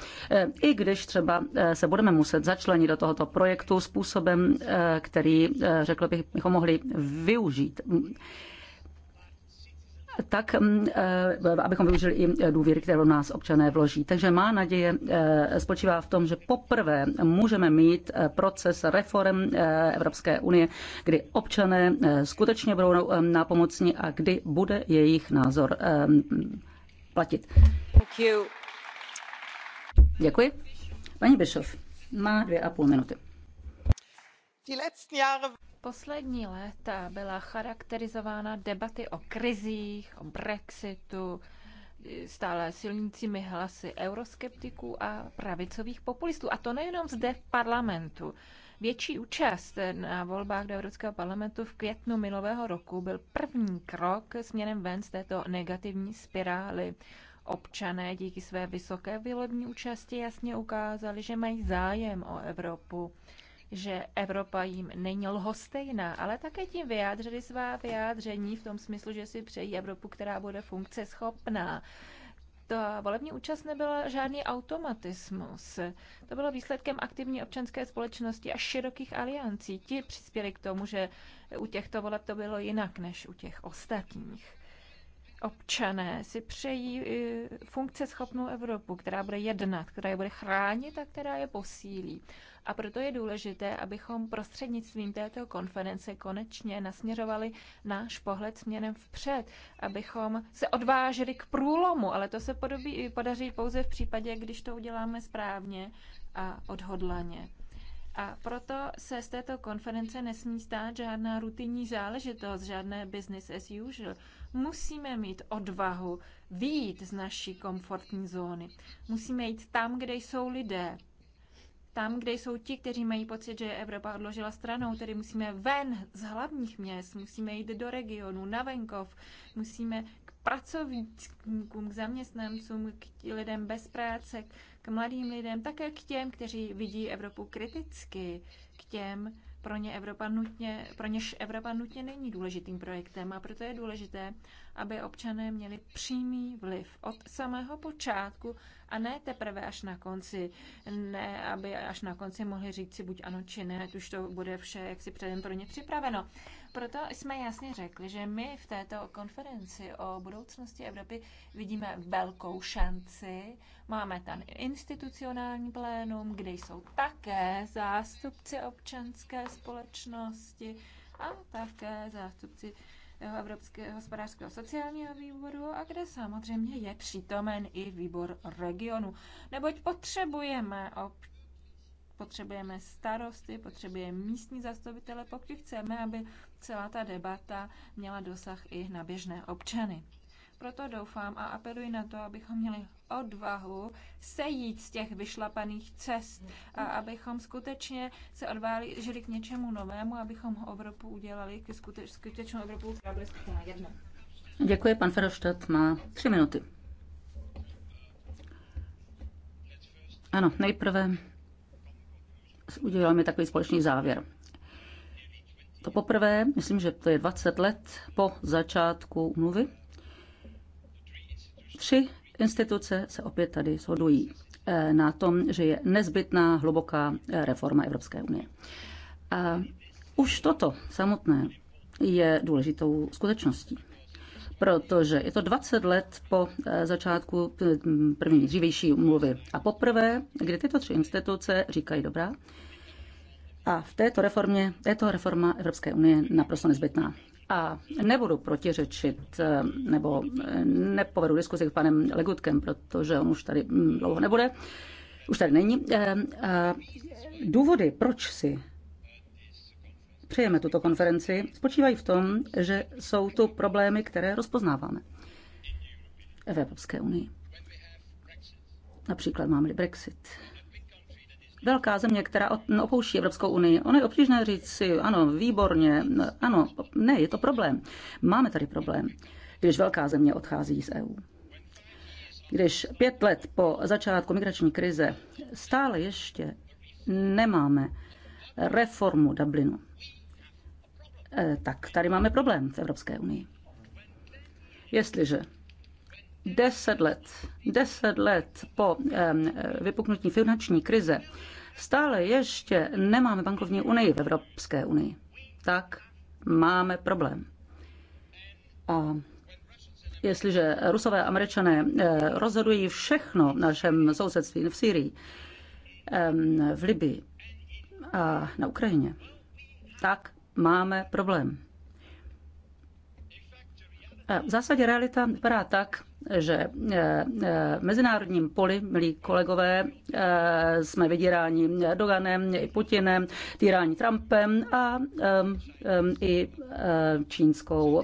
I když třeba se budeme muset začlenit do tohoto projektu, způsobem, způsobem, eh, který, eh, řekl bych, bychom mohli využít tak mm, eh, abychom využili i důvěry, kterou nás občané vloží. Takže má naděje spočívá v tom, že poprvé můžeme mít proces reform Evropské unie, kdy občané skutečně budou nápomocní a kdy bude jejich názor platit. Děkuji. Paní Bischoff má dvě a půl minuty. Poslední léta byla charakterizována debaty o krizích, o Brexitu, stále silnícími hlasy euroskeptiků a pravicových populistů. A to nejenom zde v parlamentu. Větší účast na volbách do Evropského parlamentu v květnu minulého roku byl první krok směrem ven z této negativní spirály. Občané díky své vysoké volební účasti jasně ukázali, že mají zájem o Evropu že Evropa jim není lhostejná, ale také tím vyjádřili svá vyjádření v tom smyslu, že si přejí Evropu, která bude funkce schopná. To volební účast nebyla žádný automatismus. To bylo výsledkem aktivní občanské společnosti a širokých aliancí. Ti přispěli k tomu, že u těchto voleb to bylo jinak než u těch ostatních. Občané si přejí eh, funkce schopnou Evropu, která bude jednat, která je bude chránit a která je posílí. A proto je důležité, abychom prostřednictvím této konference konečně nasměřovali náš pohled směrem vpřed, abychom se odvážili k průlomu, ale to se podobí, podaří pouze v případě, když to uděláme správně a odhodlaně. A proto se z této konference nesmí stát žádná rutinní záležitost, žádné business as usual. Musíme mít odvahu výjít z naší komfortní zóny. Musíme jít tam, kde jsou lidé, tam, kde jsou ti, kteří mají pocit, že Evropa odložila stranou, tedy musíme ven z hlavních měst, musíme jít do regionu, na venkov, musíme k pracovníkům, k zaměstnancům, k lidem bez práce, k mladým lidem, také k těm, kteří vidí Evropu kriticky, k těm, pro, ně Evropa nutně, pro něž Evropa nutně není důležitým projektem a proto je důležité, aby občané měli přímý vliv od samého počátku a ne teprve až na konci. Ne, aby až na konci mohli říct si buď ano či ne, už to bude vše jaksi předem pro ně připraveno. Proto jsme jasně řekli, že my v této konferenci o budoucnosti Evropy vidíme velkou šanci. Máme tam institucionální plénum, kde jsou také zástupci občanské společnosti a také zástupci eh, Evropského hospodářského sociálního výboru a kde samozřejmě je přítomen i výbor regionu. Neboť potřebujeme občanské potřebujeme starosty, potřebujeme místní zastupitele, pokud chceme, aby celá ta debata měla dosah i na běžné občany. Proto doufám a apeluji na to, abychom měli odvahu sejít z těch vyšlapaných cest a abychom skutečně se odvážili k něčemu novému, abychom Evropu udělali k skuteč, skutečnou Evropu, která bude jedna. Děkuji, pan Feroštat má tři minuty. Ano, nejprve mi takový společný závěr. To poprvé, myslím, že to je 20 let po začátku umluvy, tři instituce se opět tady shodují eh, na tom, že je nezbytná hluboká eh, reforma Evropské unie. A už toto samotné je důležitou skutečností protože je to 20 let po eh, začátku eh, první dřívější umluvy. A poprvé, kdy tyto tři instituce říkají dobrá, a v této reformě, této reforma Evropské unie naprosto nezbytná. A nebudu protiřečit eh, nebo nepovedu diskuzi s panem Legutkem, protože on už tady mm, dlouho nebude, už tady není. Důvody, proč si přejeme tuto konferenci, spočívají v tom, že jsou tu problémy, které rozpoznáváme v Evropské unii. Například máme Brexit. Velká země, která opouští Evropskou unii, ono je obtížné říct si, ano, výborně, ano, ne, je to problém. Máme tady problém, když velká země odchází z EU. Když pět let po začátku migrační krize stále ještě nemáme reformu Dublinu. Eh, tak tady máme problém v Evropské unii. Jestliže deset let, deset let po vypuknutí finanční krize stále ještě nemáme bankovní unii v Evropské unii, tak máme problém. A jestliže rusové a američané eh, rozhodují všechno v našem sousedství v Syrii, v Libii a na Ukrajině, tak máme problém. V zásadě realita vypadá tak, že v eh, eh, mezinárodním poli, milí kolegové, eh, jsme vydíráni Doganem, i Putinem, týrání Trumpem a i čínskou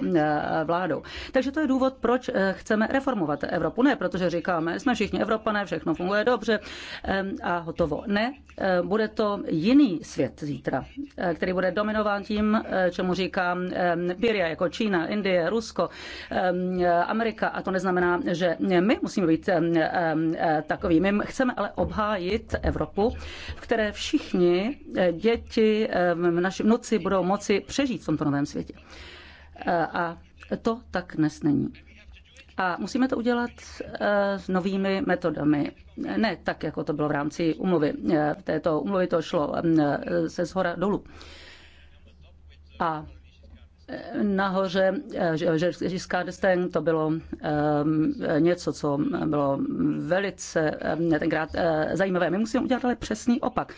vládou. Takže to je důvod, proč chceme reformovat Evropu. Ne, protože říkáme, jsme všichni Evropané, všechno funguje dobře a hotovo. Ne, bude to jiný svět zítra, který bude dominován tím, čemu říkám Birja, jako Čína, Indie, Rusko, Amerika a to neznamená, že my musíme být eh, eh, takový. My chceme ale obhájit Evropu, v které všichni eh, děti v naší noci budou moci přežít v tomto novém světě. A to tak dnes není. A musíme to udělat s novými metodami. Ne tak, jako to bylo v rámci umluvy. V této umluvy to šlo se zhora dolů. A nahoře eh, Žerská desteng, to bylo ehm, něco, co bylo velice ehm, tenkrát eh, zajímavé. My musíme udělat ale přesný opak.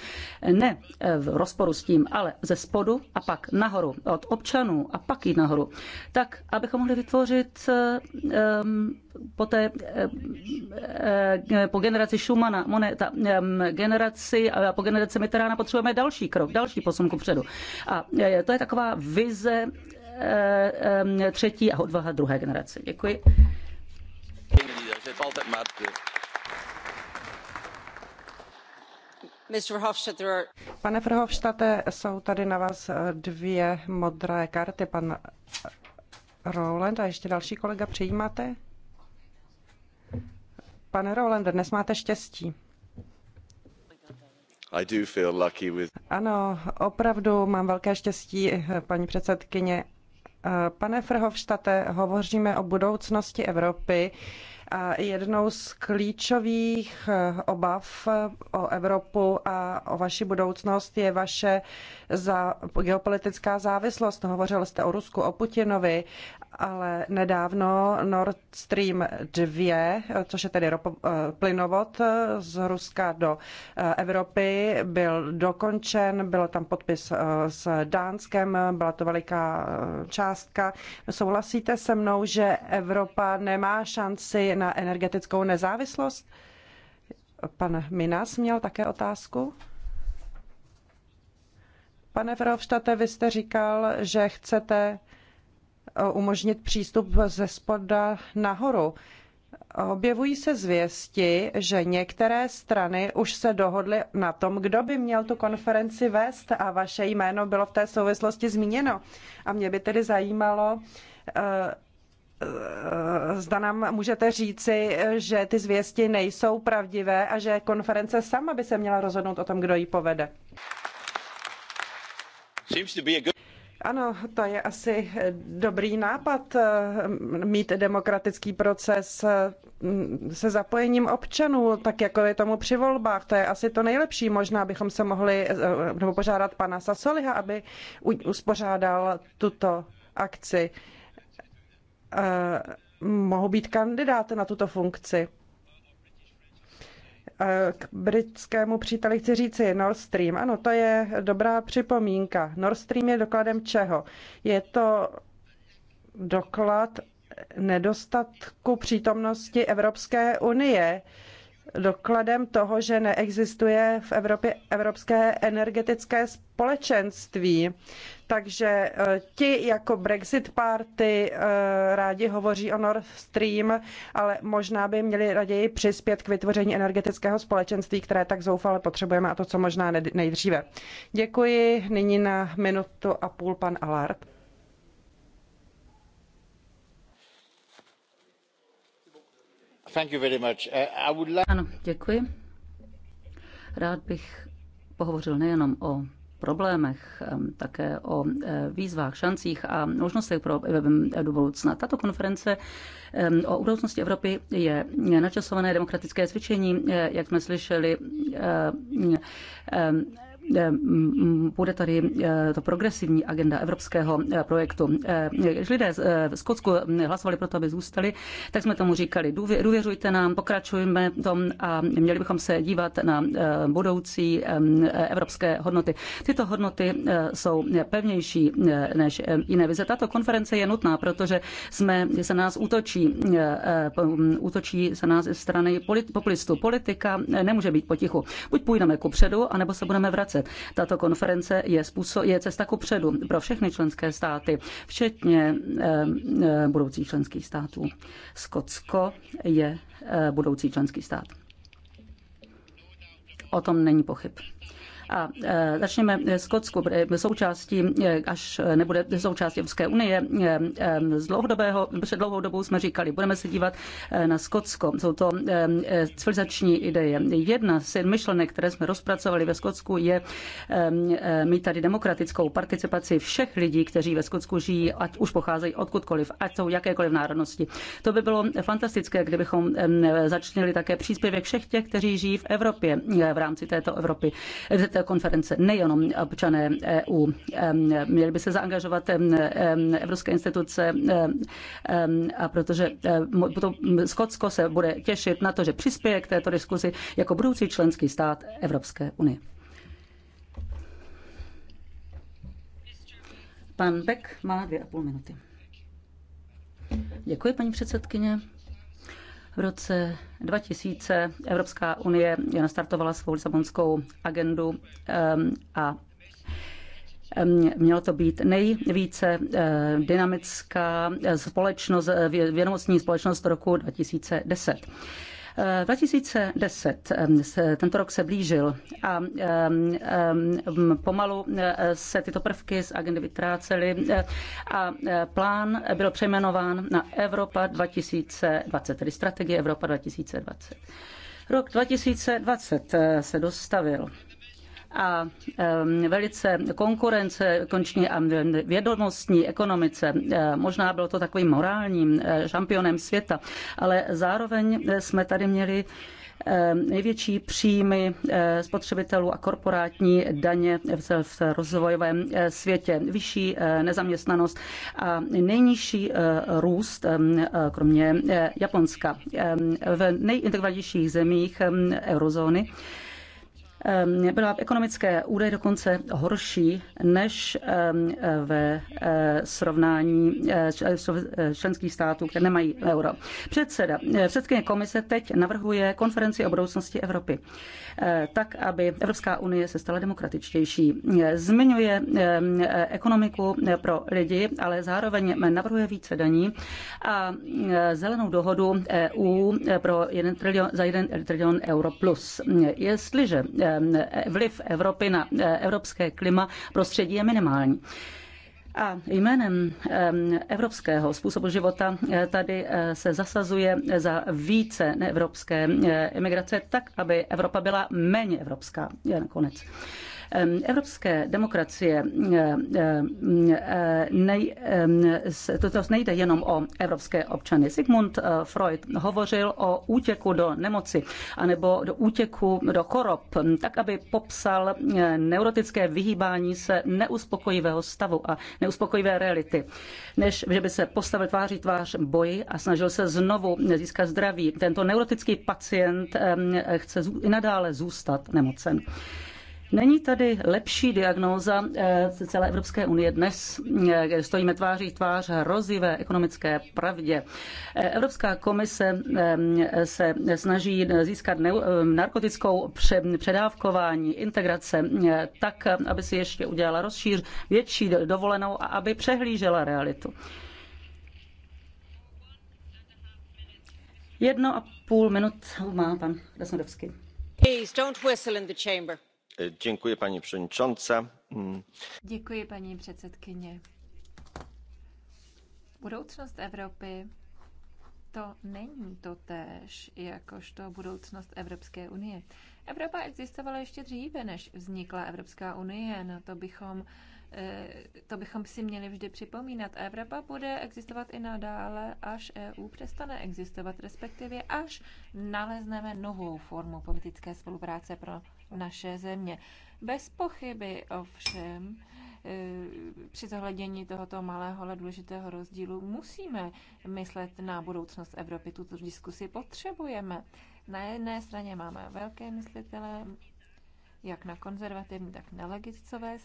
Ne eh, v rozporu s tím, ale ze spodu a pak nahoru, od občanů a pak jít nahoru, tak abychom mohli vytvořit ehm, poté po generaci Schumana, Moneta, generaci a po generaci Mitterána potřebujeme další krok, další posunku předu. A to je taková vize Eh, eh, třetí a odvaha druhé generace. Děkuji. Pane Verhofstadte, jsou tady na vás eh, dvě modré karty. Pan Roland a ještě další kolega přijímáte? Pane Roland, dnes máte štěstí. I do feel lucky with... Ano, opravdu mám velké štěstí, paní předsedkyně, Pane Frhovštate, hovoříme o budoucnosti Evropy. A jednou z klíčových eh, obav eh, o Evropu a o vaši budoucnost je vaše za, geopolitická závislost. Hovořil jste o Rusku, o Putinovi ale nedávno Nord Stream 2, což je tedy ropo, eh, plynovod eh, z Ruska do eh, Evropy, byl dokončen, byl tam podpis s Dánskem, byla to veliká částka. Souhlasíte se mnou, že Evropa nemá šanci na energetickou nezávislost? Pan Minas měl také otázku. Pane Verhofstadte, vy jste říkal, že chcete Eh, umožnit přístup ze spoda nahoru. Objevují se zvěsti, že některé strany už se dohodly na tom, kdo by měl tu konferenci vést a vaše jméno bylo v té souvislosti zmíněno. A mě by tedy zajímalo, eh, zda nám můžete říci, že ty zvěsti nejsou pravdivé a že konference sama by se měla rozhodnout o tom, kdo ji povede. Ano, to je asi dobrý nápad eh, mít demokratický proces eh, se zapojením občanů, tak jako je tomu při volbách. To je asi to nejlepší. Možná bychom se mohli eh, nebo požádat pana Sasoliha, aby uspořádal tuto akci. Mohu být kandidát na tuto funkci. Eh, k britskému příteli chci říci Nord Stream. Ano, to je dobrá připomínka. Nord Stream je dokladem čeho? Je to doklad nedostatku přítomnosti Evropské unie dokladem toho, že neexistuje v Evropě evropské energetické společenství. Takže eh, ti jako Brexit Party eh, rádi hovoří o Nord Stream, ale možná by měli raději přispět k vytvoření energetického společenství, které tak zoufale potřebujeme a to, co možná nejdříve. Děkuji. Nyní na minutu a půl pan Alard. Eh, ano, děkuji. Rád bych pohovořil nejenom o problémech, také o e, výzvách, šancích a možnostech pro e, do budoucna. Tato konference o budoucnosti Evropy je načasované demokratické cvičení, e, jak jsme slyšeli, Eh, mm, mm, bude tady eh, to progresivní agenda evropského eh, projektu. Když lidé v Skotsku hm, hlasovali pro to, aby zůstali, tak jsme tomu říkali, důvěřujte nám, pokračujeme tom a měli bychom se dívat na budoucí hm, evropské hodnoty. Tyto hodnoty jsou pevnější než jiné vize. Tato konference je nutná, protože jsme, se nás útočí, hm, útočí se nás strany populistů. Politika nemůže být potichu. Buď půjdeme ku předu, anebo se budeme vracet 2020. Tato konference je, způsob, je cesta ku předu pro všechny členské státy, včetně eh, eh, budoucích členských států. Skotsko je eh, budoucí členský stát. O tom není pochyb. A e, začněme e, Skotsku, bude součástí, e, až nebude součástí Evropské unie. Z dlouhodobého, před dlouhou dobou jsme říkali, budeme se dívat na Skotsko. Jsou to civilizační ideje. Jedna z myšlenek, které jsme rozpracovali ve Skotsku, je mít tady demokratickou participaci všech lidí, kteří ve Skotsku žijí, ať už pocházejí odkudkoliv, ať jsou jakékoliv národnosti. To by bylo fantastické, kdybychom začnili také příspěvek všech těch, kteří žijí v Evropě, v rámci této Evropy, té konference nejenom občané EU. Měli by se zaangažovat evropské instituce, a protože Skotsko se bude těšit na to, že přispěje k této diskuzi jako budoucí členský stát Evropské unie. Pan Beck má dvě a půl minuty. Děkuji, paní předsedkyně. V roce 2000 Evropská unie nastartovala svou Lisabonskou agendu ehm, a ehm, mělo to být nejvíce ehm, dynamická eh, společnost, eh, vědomostní společnost roku 2010. 2010, eh, tento rok se blížil a pomalu eh, se tyto prvky z agendy vytrácely eh, a plán byl přejmenován na Evropa 2020, tedy strategie Evropa 2020. Rok 2020 se dostavil a velice konkurence konční a vědomostní ekonomice. E, možná bylo to takovým morálním e, šampionem světa, ale zároveň jsme tady měli e, největší příjmy spotřebitelů a korporátní daně v rozvojovém světě, vyšší nezaměstnanost a nejnižší růst, kromě Japonska. V nejintegrovanějších zemích eurozóny Ehm, byla v ekonomické údaj dokonce horší než ehm, ve eh, srovnání eh, eh, členských států, které nemají euro. Předseda, předsedkyně komise teď navrhuje konferenci o budoucnosti Evropy, tak, aby Evropská unie se stala demokratičtější. Zmiňuje ehm, ekonomiku pro lidi, ale zároveň navrhuje více daní a zelenou dohodu EU pro 1 trilion, za 1 trilion euro plus. Jestliže Ehm, vliv Evropy na eh, evropské klima prostředí je minimální. A jménem ehm, evropského způsobu života eh, tady eh, se zasazuje za více neevropské imigrace, tak aby Evropa byla méně evropská. Konec. Evropské demokracie nej, to nejde jenom o evropské občany. Sigmund eh, Freud hovořil o útěku do nemoci anebo do útěku do chorob, tak aby popsal neurotické vyhýbání se neuspokojivého stavu a neuspokojivé reality, než že by se postavil tváří tvář boji a snažil se znovu získat zdraví. Tento neurotický pacient chce i nadále zůstat nemocen. Není tady lepší diagnóza eh, celé Evropské unie dnes, eh, kde stojíme tváří tvář hrozivé ekonomické pravdě. Eh, Evropská komise se snaží získat narkotickou předávkování, integrace tak, aby si ještě udělala rozšíř větší dovolenou a aby přehlížela realitu. Jedno a půl minut má pan Krasnodovský. Please don't whistle in the chamber. E, mm. Děkuji, paní předsedkyně. Budoucnost Evropy to není to též, jakožto budoucnost Evropské unie. Evropa existovala ještě dříve, než vznikla Evropská unie. Na to bychom, e, to bychom si měli vždy připomínat. Evropa bude existovat i nadále, až EU přestane existovat, respektive až nalezneme novou formu politické spolupráce pro naše země. Bez pochyby ovšem eh, při zohlednění tohoto malého, ale důležitého rozdílu musíme myslet na budoucnost Evropy. Tuto diskusi potřebujeme. Na jedné straně máme velké myslitele, jak na konzervativní, tak na levicové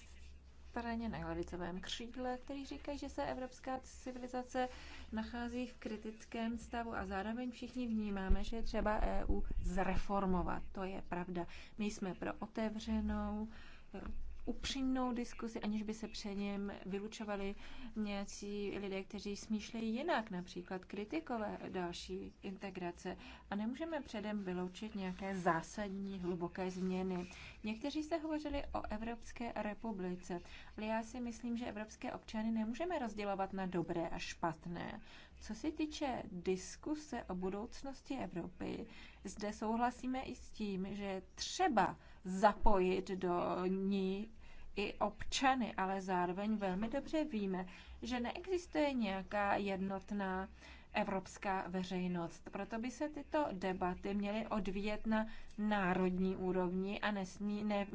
straně, na levicovém křídle, kteří říkají, že se evropská civilizace nachází v kritickém stavu a zároveň všichni vnímáme, že je třeba EU zreformovat. To je pravda. My jsme pro otevřenou upřímnou diskuzi, aniž by se před něm vylučovali nějací lidé, kteří smýšlejí jinak, například kritikové další integrace. A nemůžeme předem vyloučit nějaké zásadní, hluboké změny. Někteří jste hovořili o Evropské republice, ale já si myslím, že evropské občany nemůžeme rozdělovat na dobré a špatné. Co se týče diskuse o budoucnosti Evropy, zde souhlasíme i s tím, že třeba zapojit do ní i občany, ale zároveň velmi dobře víme, že neexistuje nějaká jednotná evropská veřejnost. Proto by se tyto debaty měly odvíjet na národní úrovni a nesmí, ne,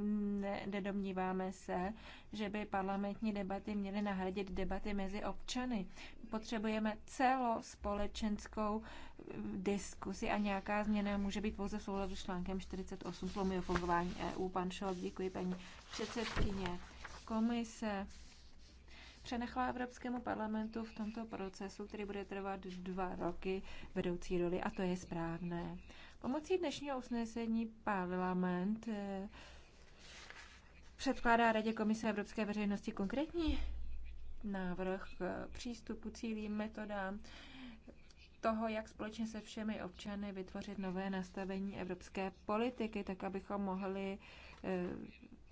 ne, nedomníváme se, že by parlamentní debaty měly nahradit debaty mezi občany. Potřebujeme celospolečenskou eh, diskusi a nějaká změna může být pouze v souladu s článkem 48 slomy o fungování EU. Pan Šol, děkuji paní předsedkyně komise přenechala Evropskému parlamentu v tomto procesu, který bude trvat dva roky, vedoucí roli a to je správné. Pomocí dnešního usnesení parlament eh, předkládá Radě Komise Evropské veřejnosti konkrétní návrh přístupu cílím metodám toho, jak společně se všemi občany vytvořit nové nastavení evropské politiky, tak abychom mohli eh,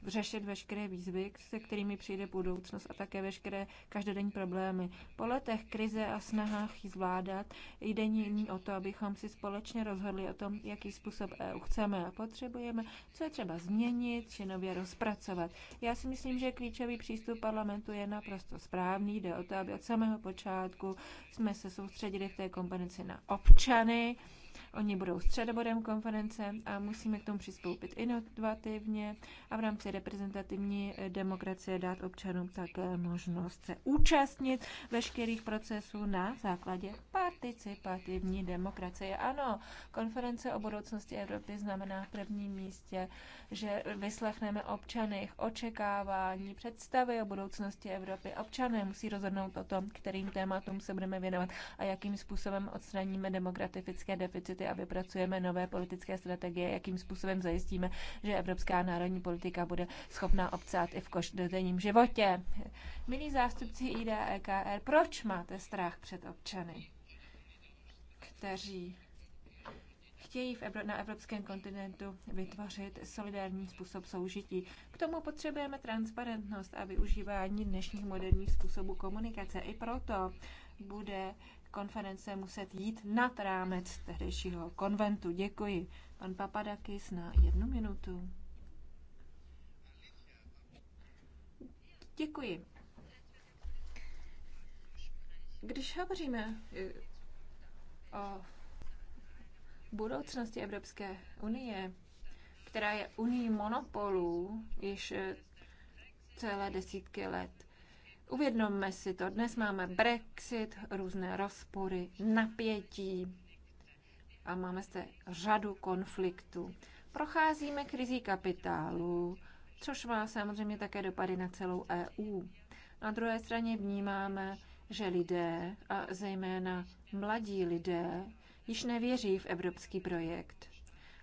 řešit veškeré výzvy, se kterými přijde budoucnost a také veškeré každodenní problémy. Po letech krize a snahách ji zvládat jde nyní o to, abychom si společně rozhodli o tom, jaký způsob EU chceme a potřebujeme, co je třeba změnit či nově rozpracovat. Já si myslím, že klíčový přístup parlamentu je naprosto správný. Jde o to, aby od samého počátku jsme se soustředili v té kompetenci na občany, Oni budou středobodem konference a musíme k tomu přistoupit inovativně a v rámci reprezentativní demokracie dát občanům také možnost se účastnit veškerých procesů na základě participativní demokracie. Ano, konference o budoucnosti Evropy znamená v prvním místě, že vyslechneme občany, jejich očekávání, představy o budoucnosti Evropy. Občané musí rozhodnout o tom, kterým tématům se budeme věnovat a jakým způsobem odstraníme demokratické deficity a vypracujeme nové politické strategie, jakým způsobem zajistíme, že Evropská národní politika politika bude schopná obcát i v každodenním životě. Milí zástupci IDEKR, proč máte strach před občany, kteří chtějí v Evro- na evropském kontinentu vytvořit solidární způsob soužití. K tomu potřebujeme transparentnost a využívání dnešních moderních způsobů komunikace. I proto bude konference muset jít nad rámec tehdejšího konventu. Děkuji. Pan Papadakis na jednu minutu. Děkuji. Když hovoříme eh, o budoucnosti Evropské unie, která je unii monopolů již eh, celé desítky let, uvědomme si to. Dnes máme Brexit, různé rozpory, napětí a máme zde řadu konfliktů. Procházíme krizí kapitálu, což má samozřejmě také dopady na celou EU. Na druhé straně vnímáme, že lidé, a zejména mladí lidé, již nevěří v evropský projekt.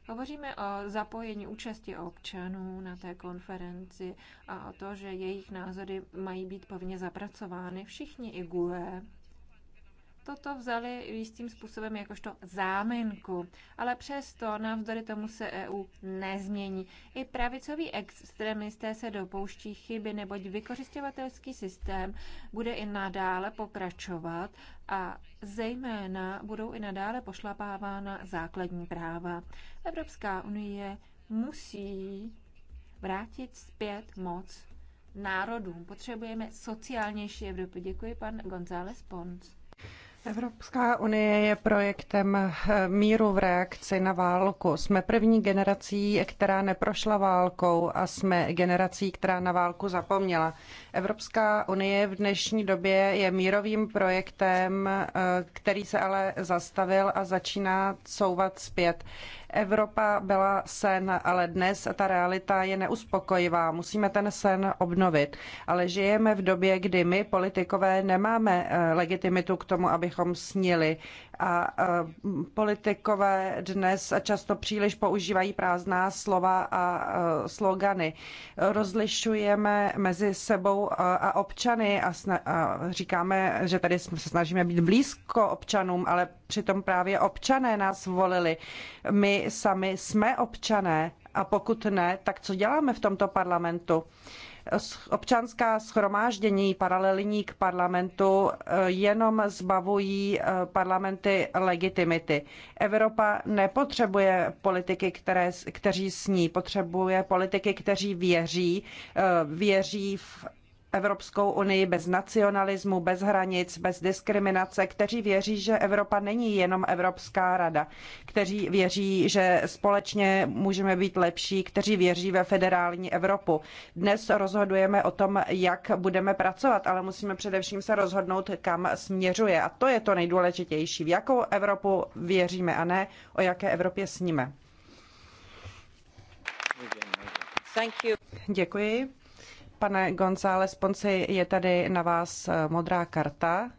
Hovoříme o zapojení účasti občanů na té konferenci a o to, že jejich názory mají být povinně zapracovány. Všichni i GUE toto vzali jistým způsobem jakožto záminku. Ale přesto navzdory tomu se EU nezmění. I pravicoví extremisté se dopouští chyby, neboť vykořišťovatelský systém bude i nadále pokračovat a zejména budou i nadále pošlapávána základní práva. Evropská unie musí vrátit zpět moc národům. Potřebujeme sociálnější Evropu. Děkuji, pan González Pons. Evropská unie je projektem eh, míru v reakci na válku. Jsme první generací, která neprošla válkou a jsme generací, která na válku zapomněla. Evropská unie v dnešní době je mírovým projektem, eh, který se ale zastavil a začíná couvat zpět. Evropa byla sen, ale dnes ta realita je neuspokojivá. Musíme ten sen obnovit. Ale žijeme v době, kdy my, politikové, nemáme eh, legitimitu k tomu, abychom snili a politikové dnes často příliš používají prázdná slova a slogany. Rozlišujeme mezi sebou a občany a, říkáme, že tady se snažíme být blízko občanům, ale přitom právě občané nás volili. My sami jsme občané a pokud ne, tak co děláme v tomto parlamentu? občanská schromáždění paralelní k parlamentu eh, jenom zbavují eh, parlamenty legitimity. Evropa nepotřebuje politiky, které, kteří sní, potřebuje politiky, kteří věří, eh, věří v Evropskou unii bez nacionalismu, bez hranic, bez diskriminace, kteří věří, že Evropa není jenom Evropská rada, kteří věří, že společně můžeme být lepší, kteří věří ve federální Evropu. Dnes rozhodujeme o tom, jak budeme pracovat, ale musíme především se rozhodnout, kam směřuje. A to je to nejdůležitější, v jakou Evropu věříme a ne o jaké Evropě sníme. Děkuji. Pane González Ponci, je tady na vás eh, modrá karta.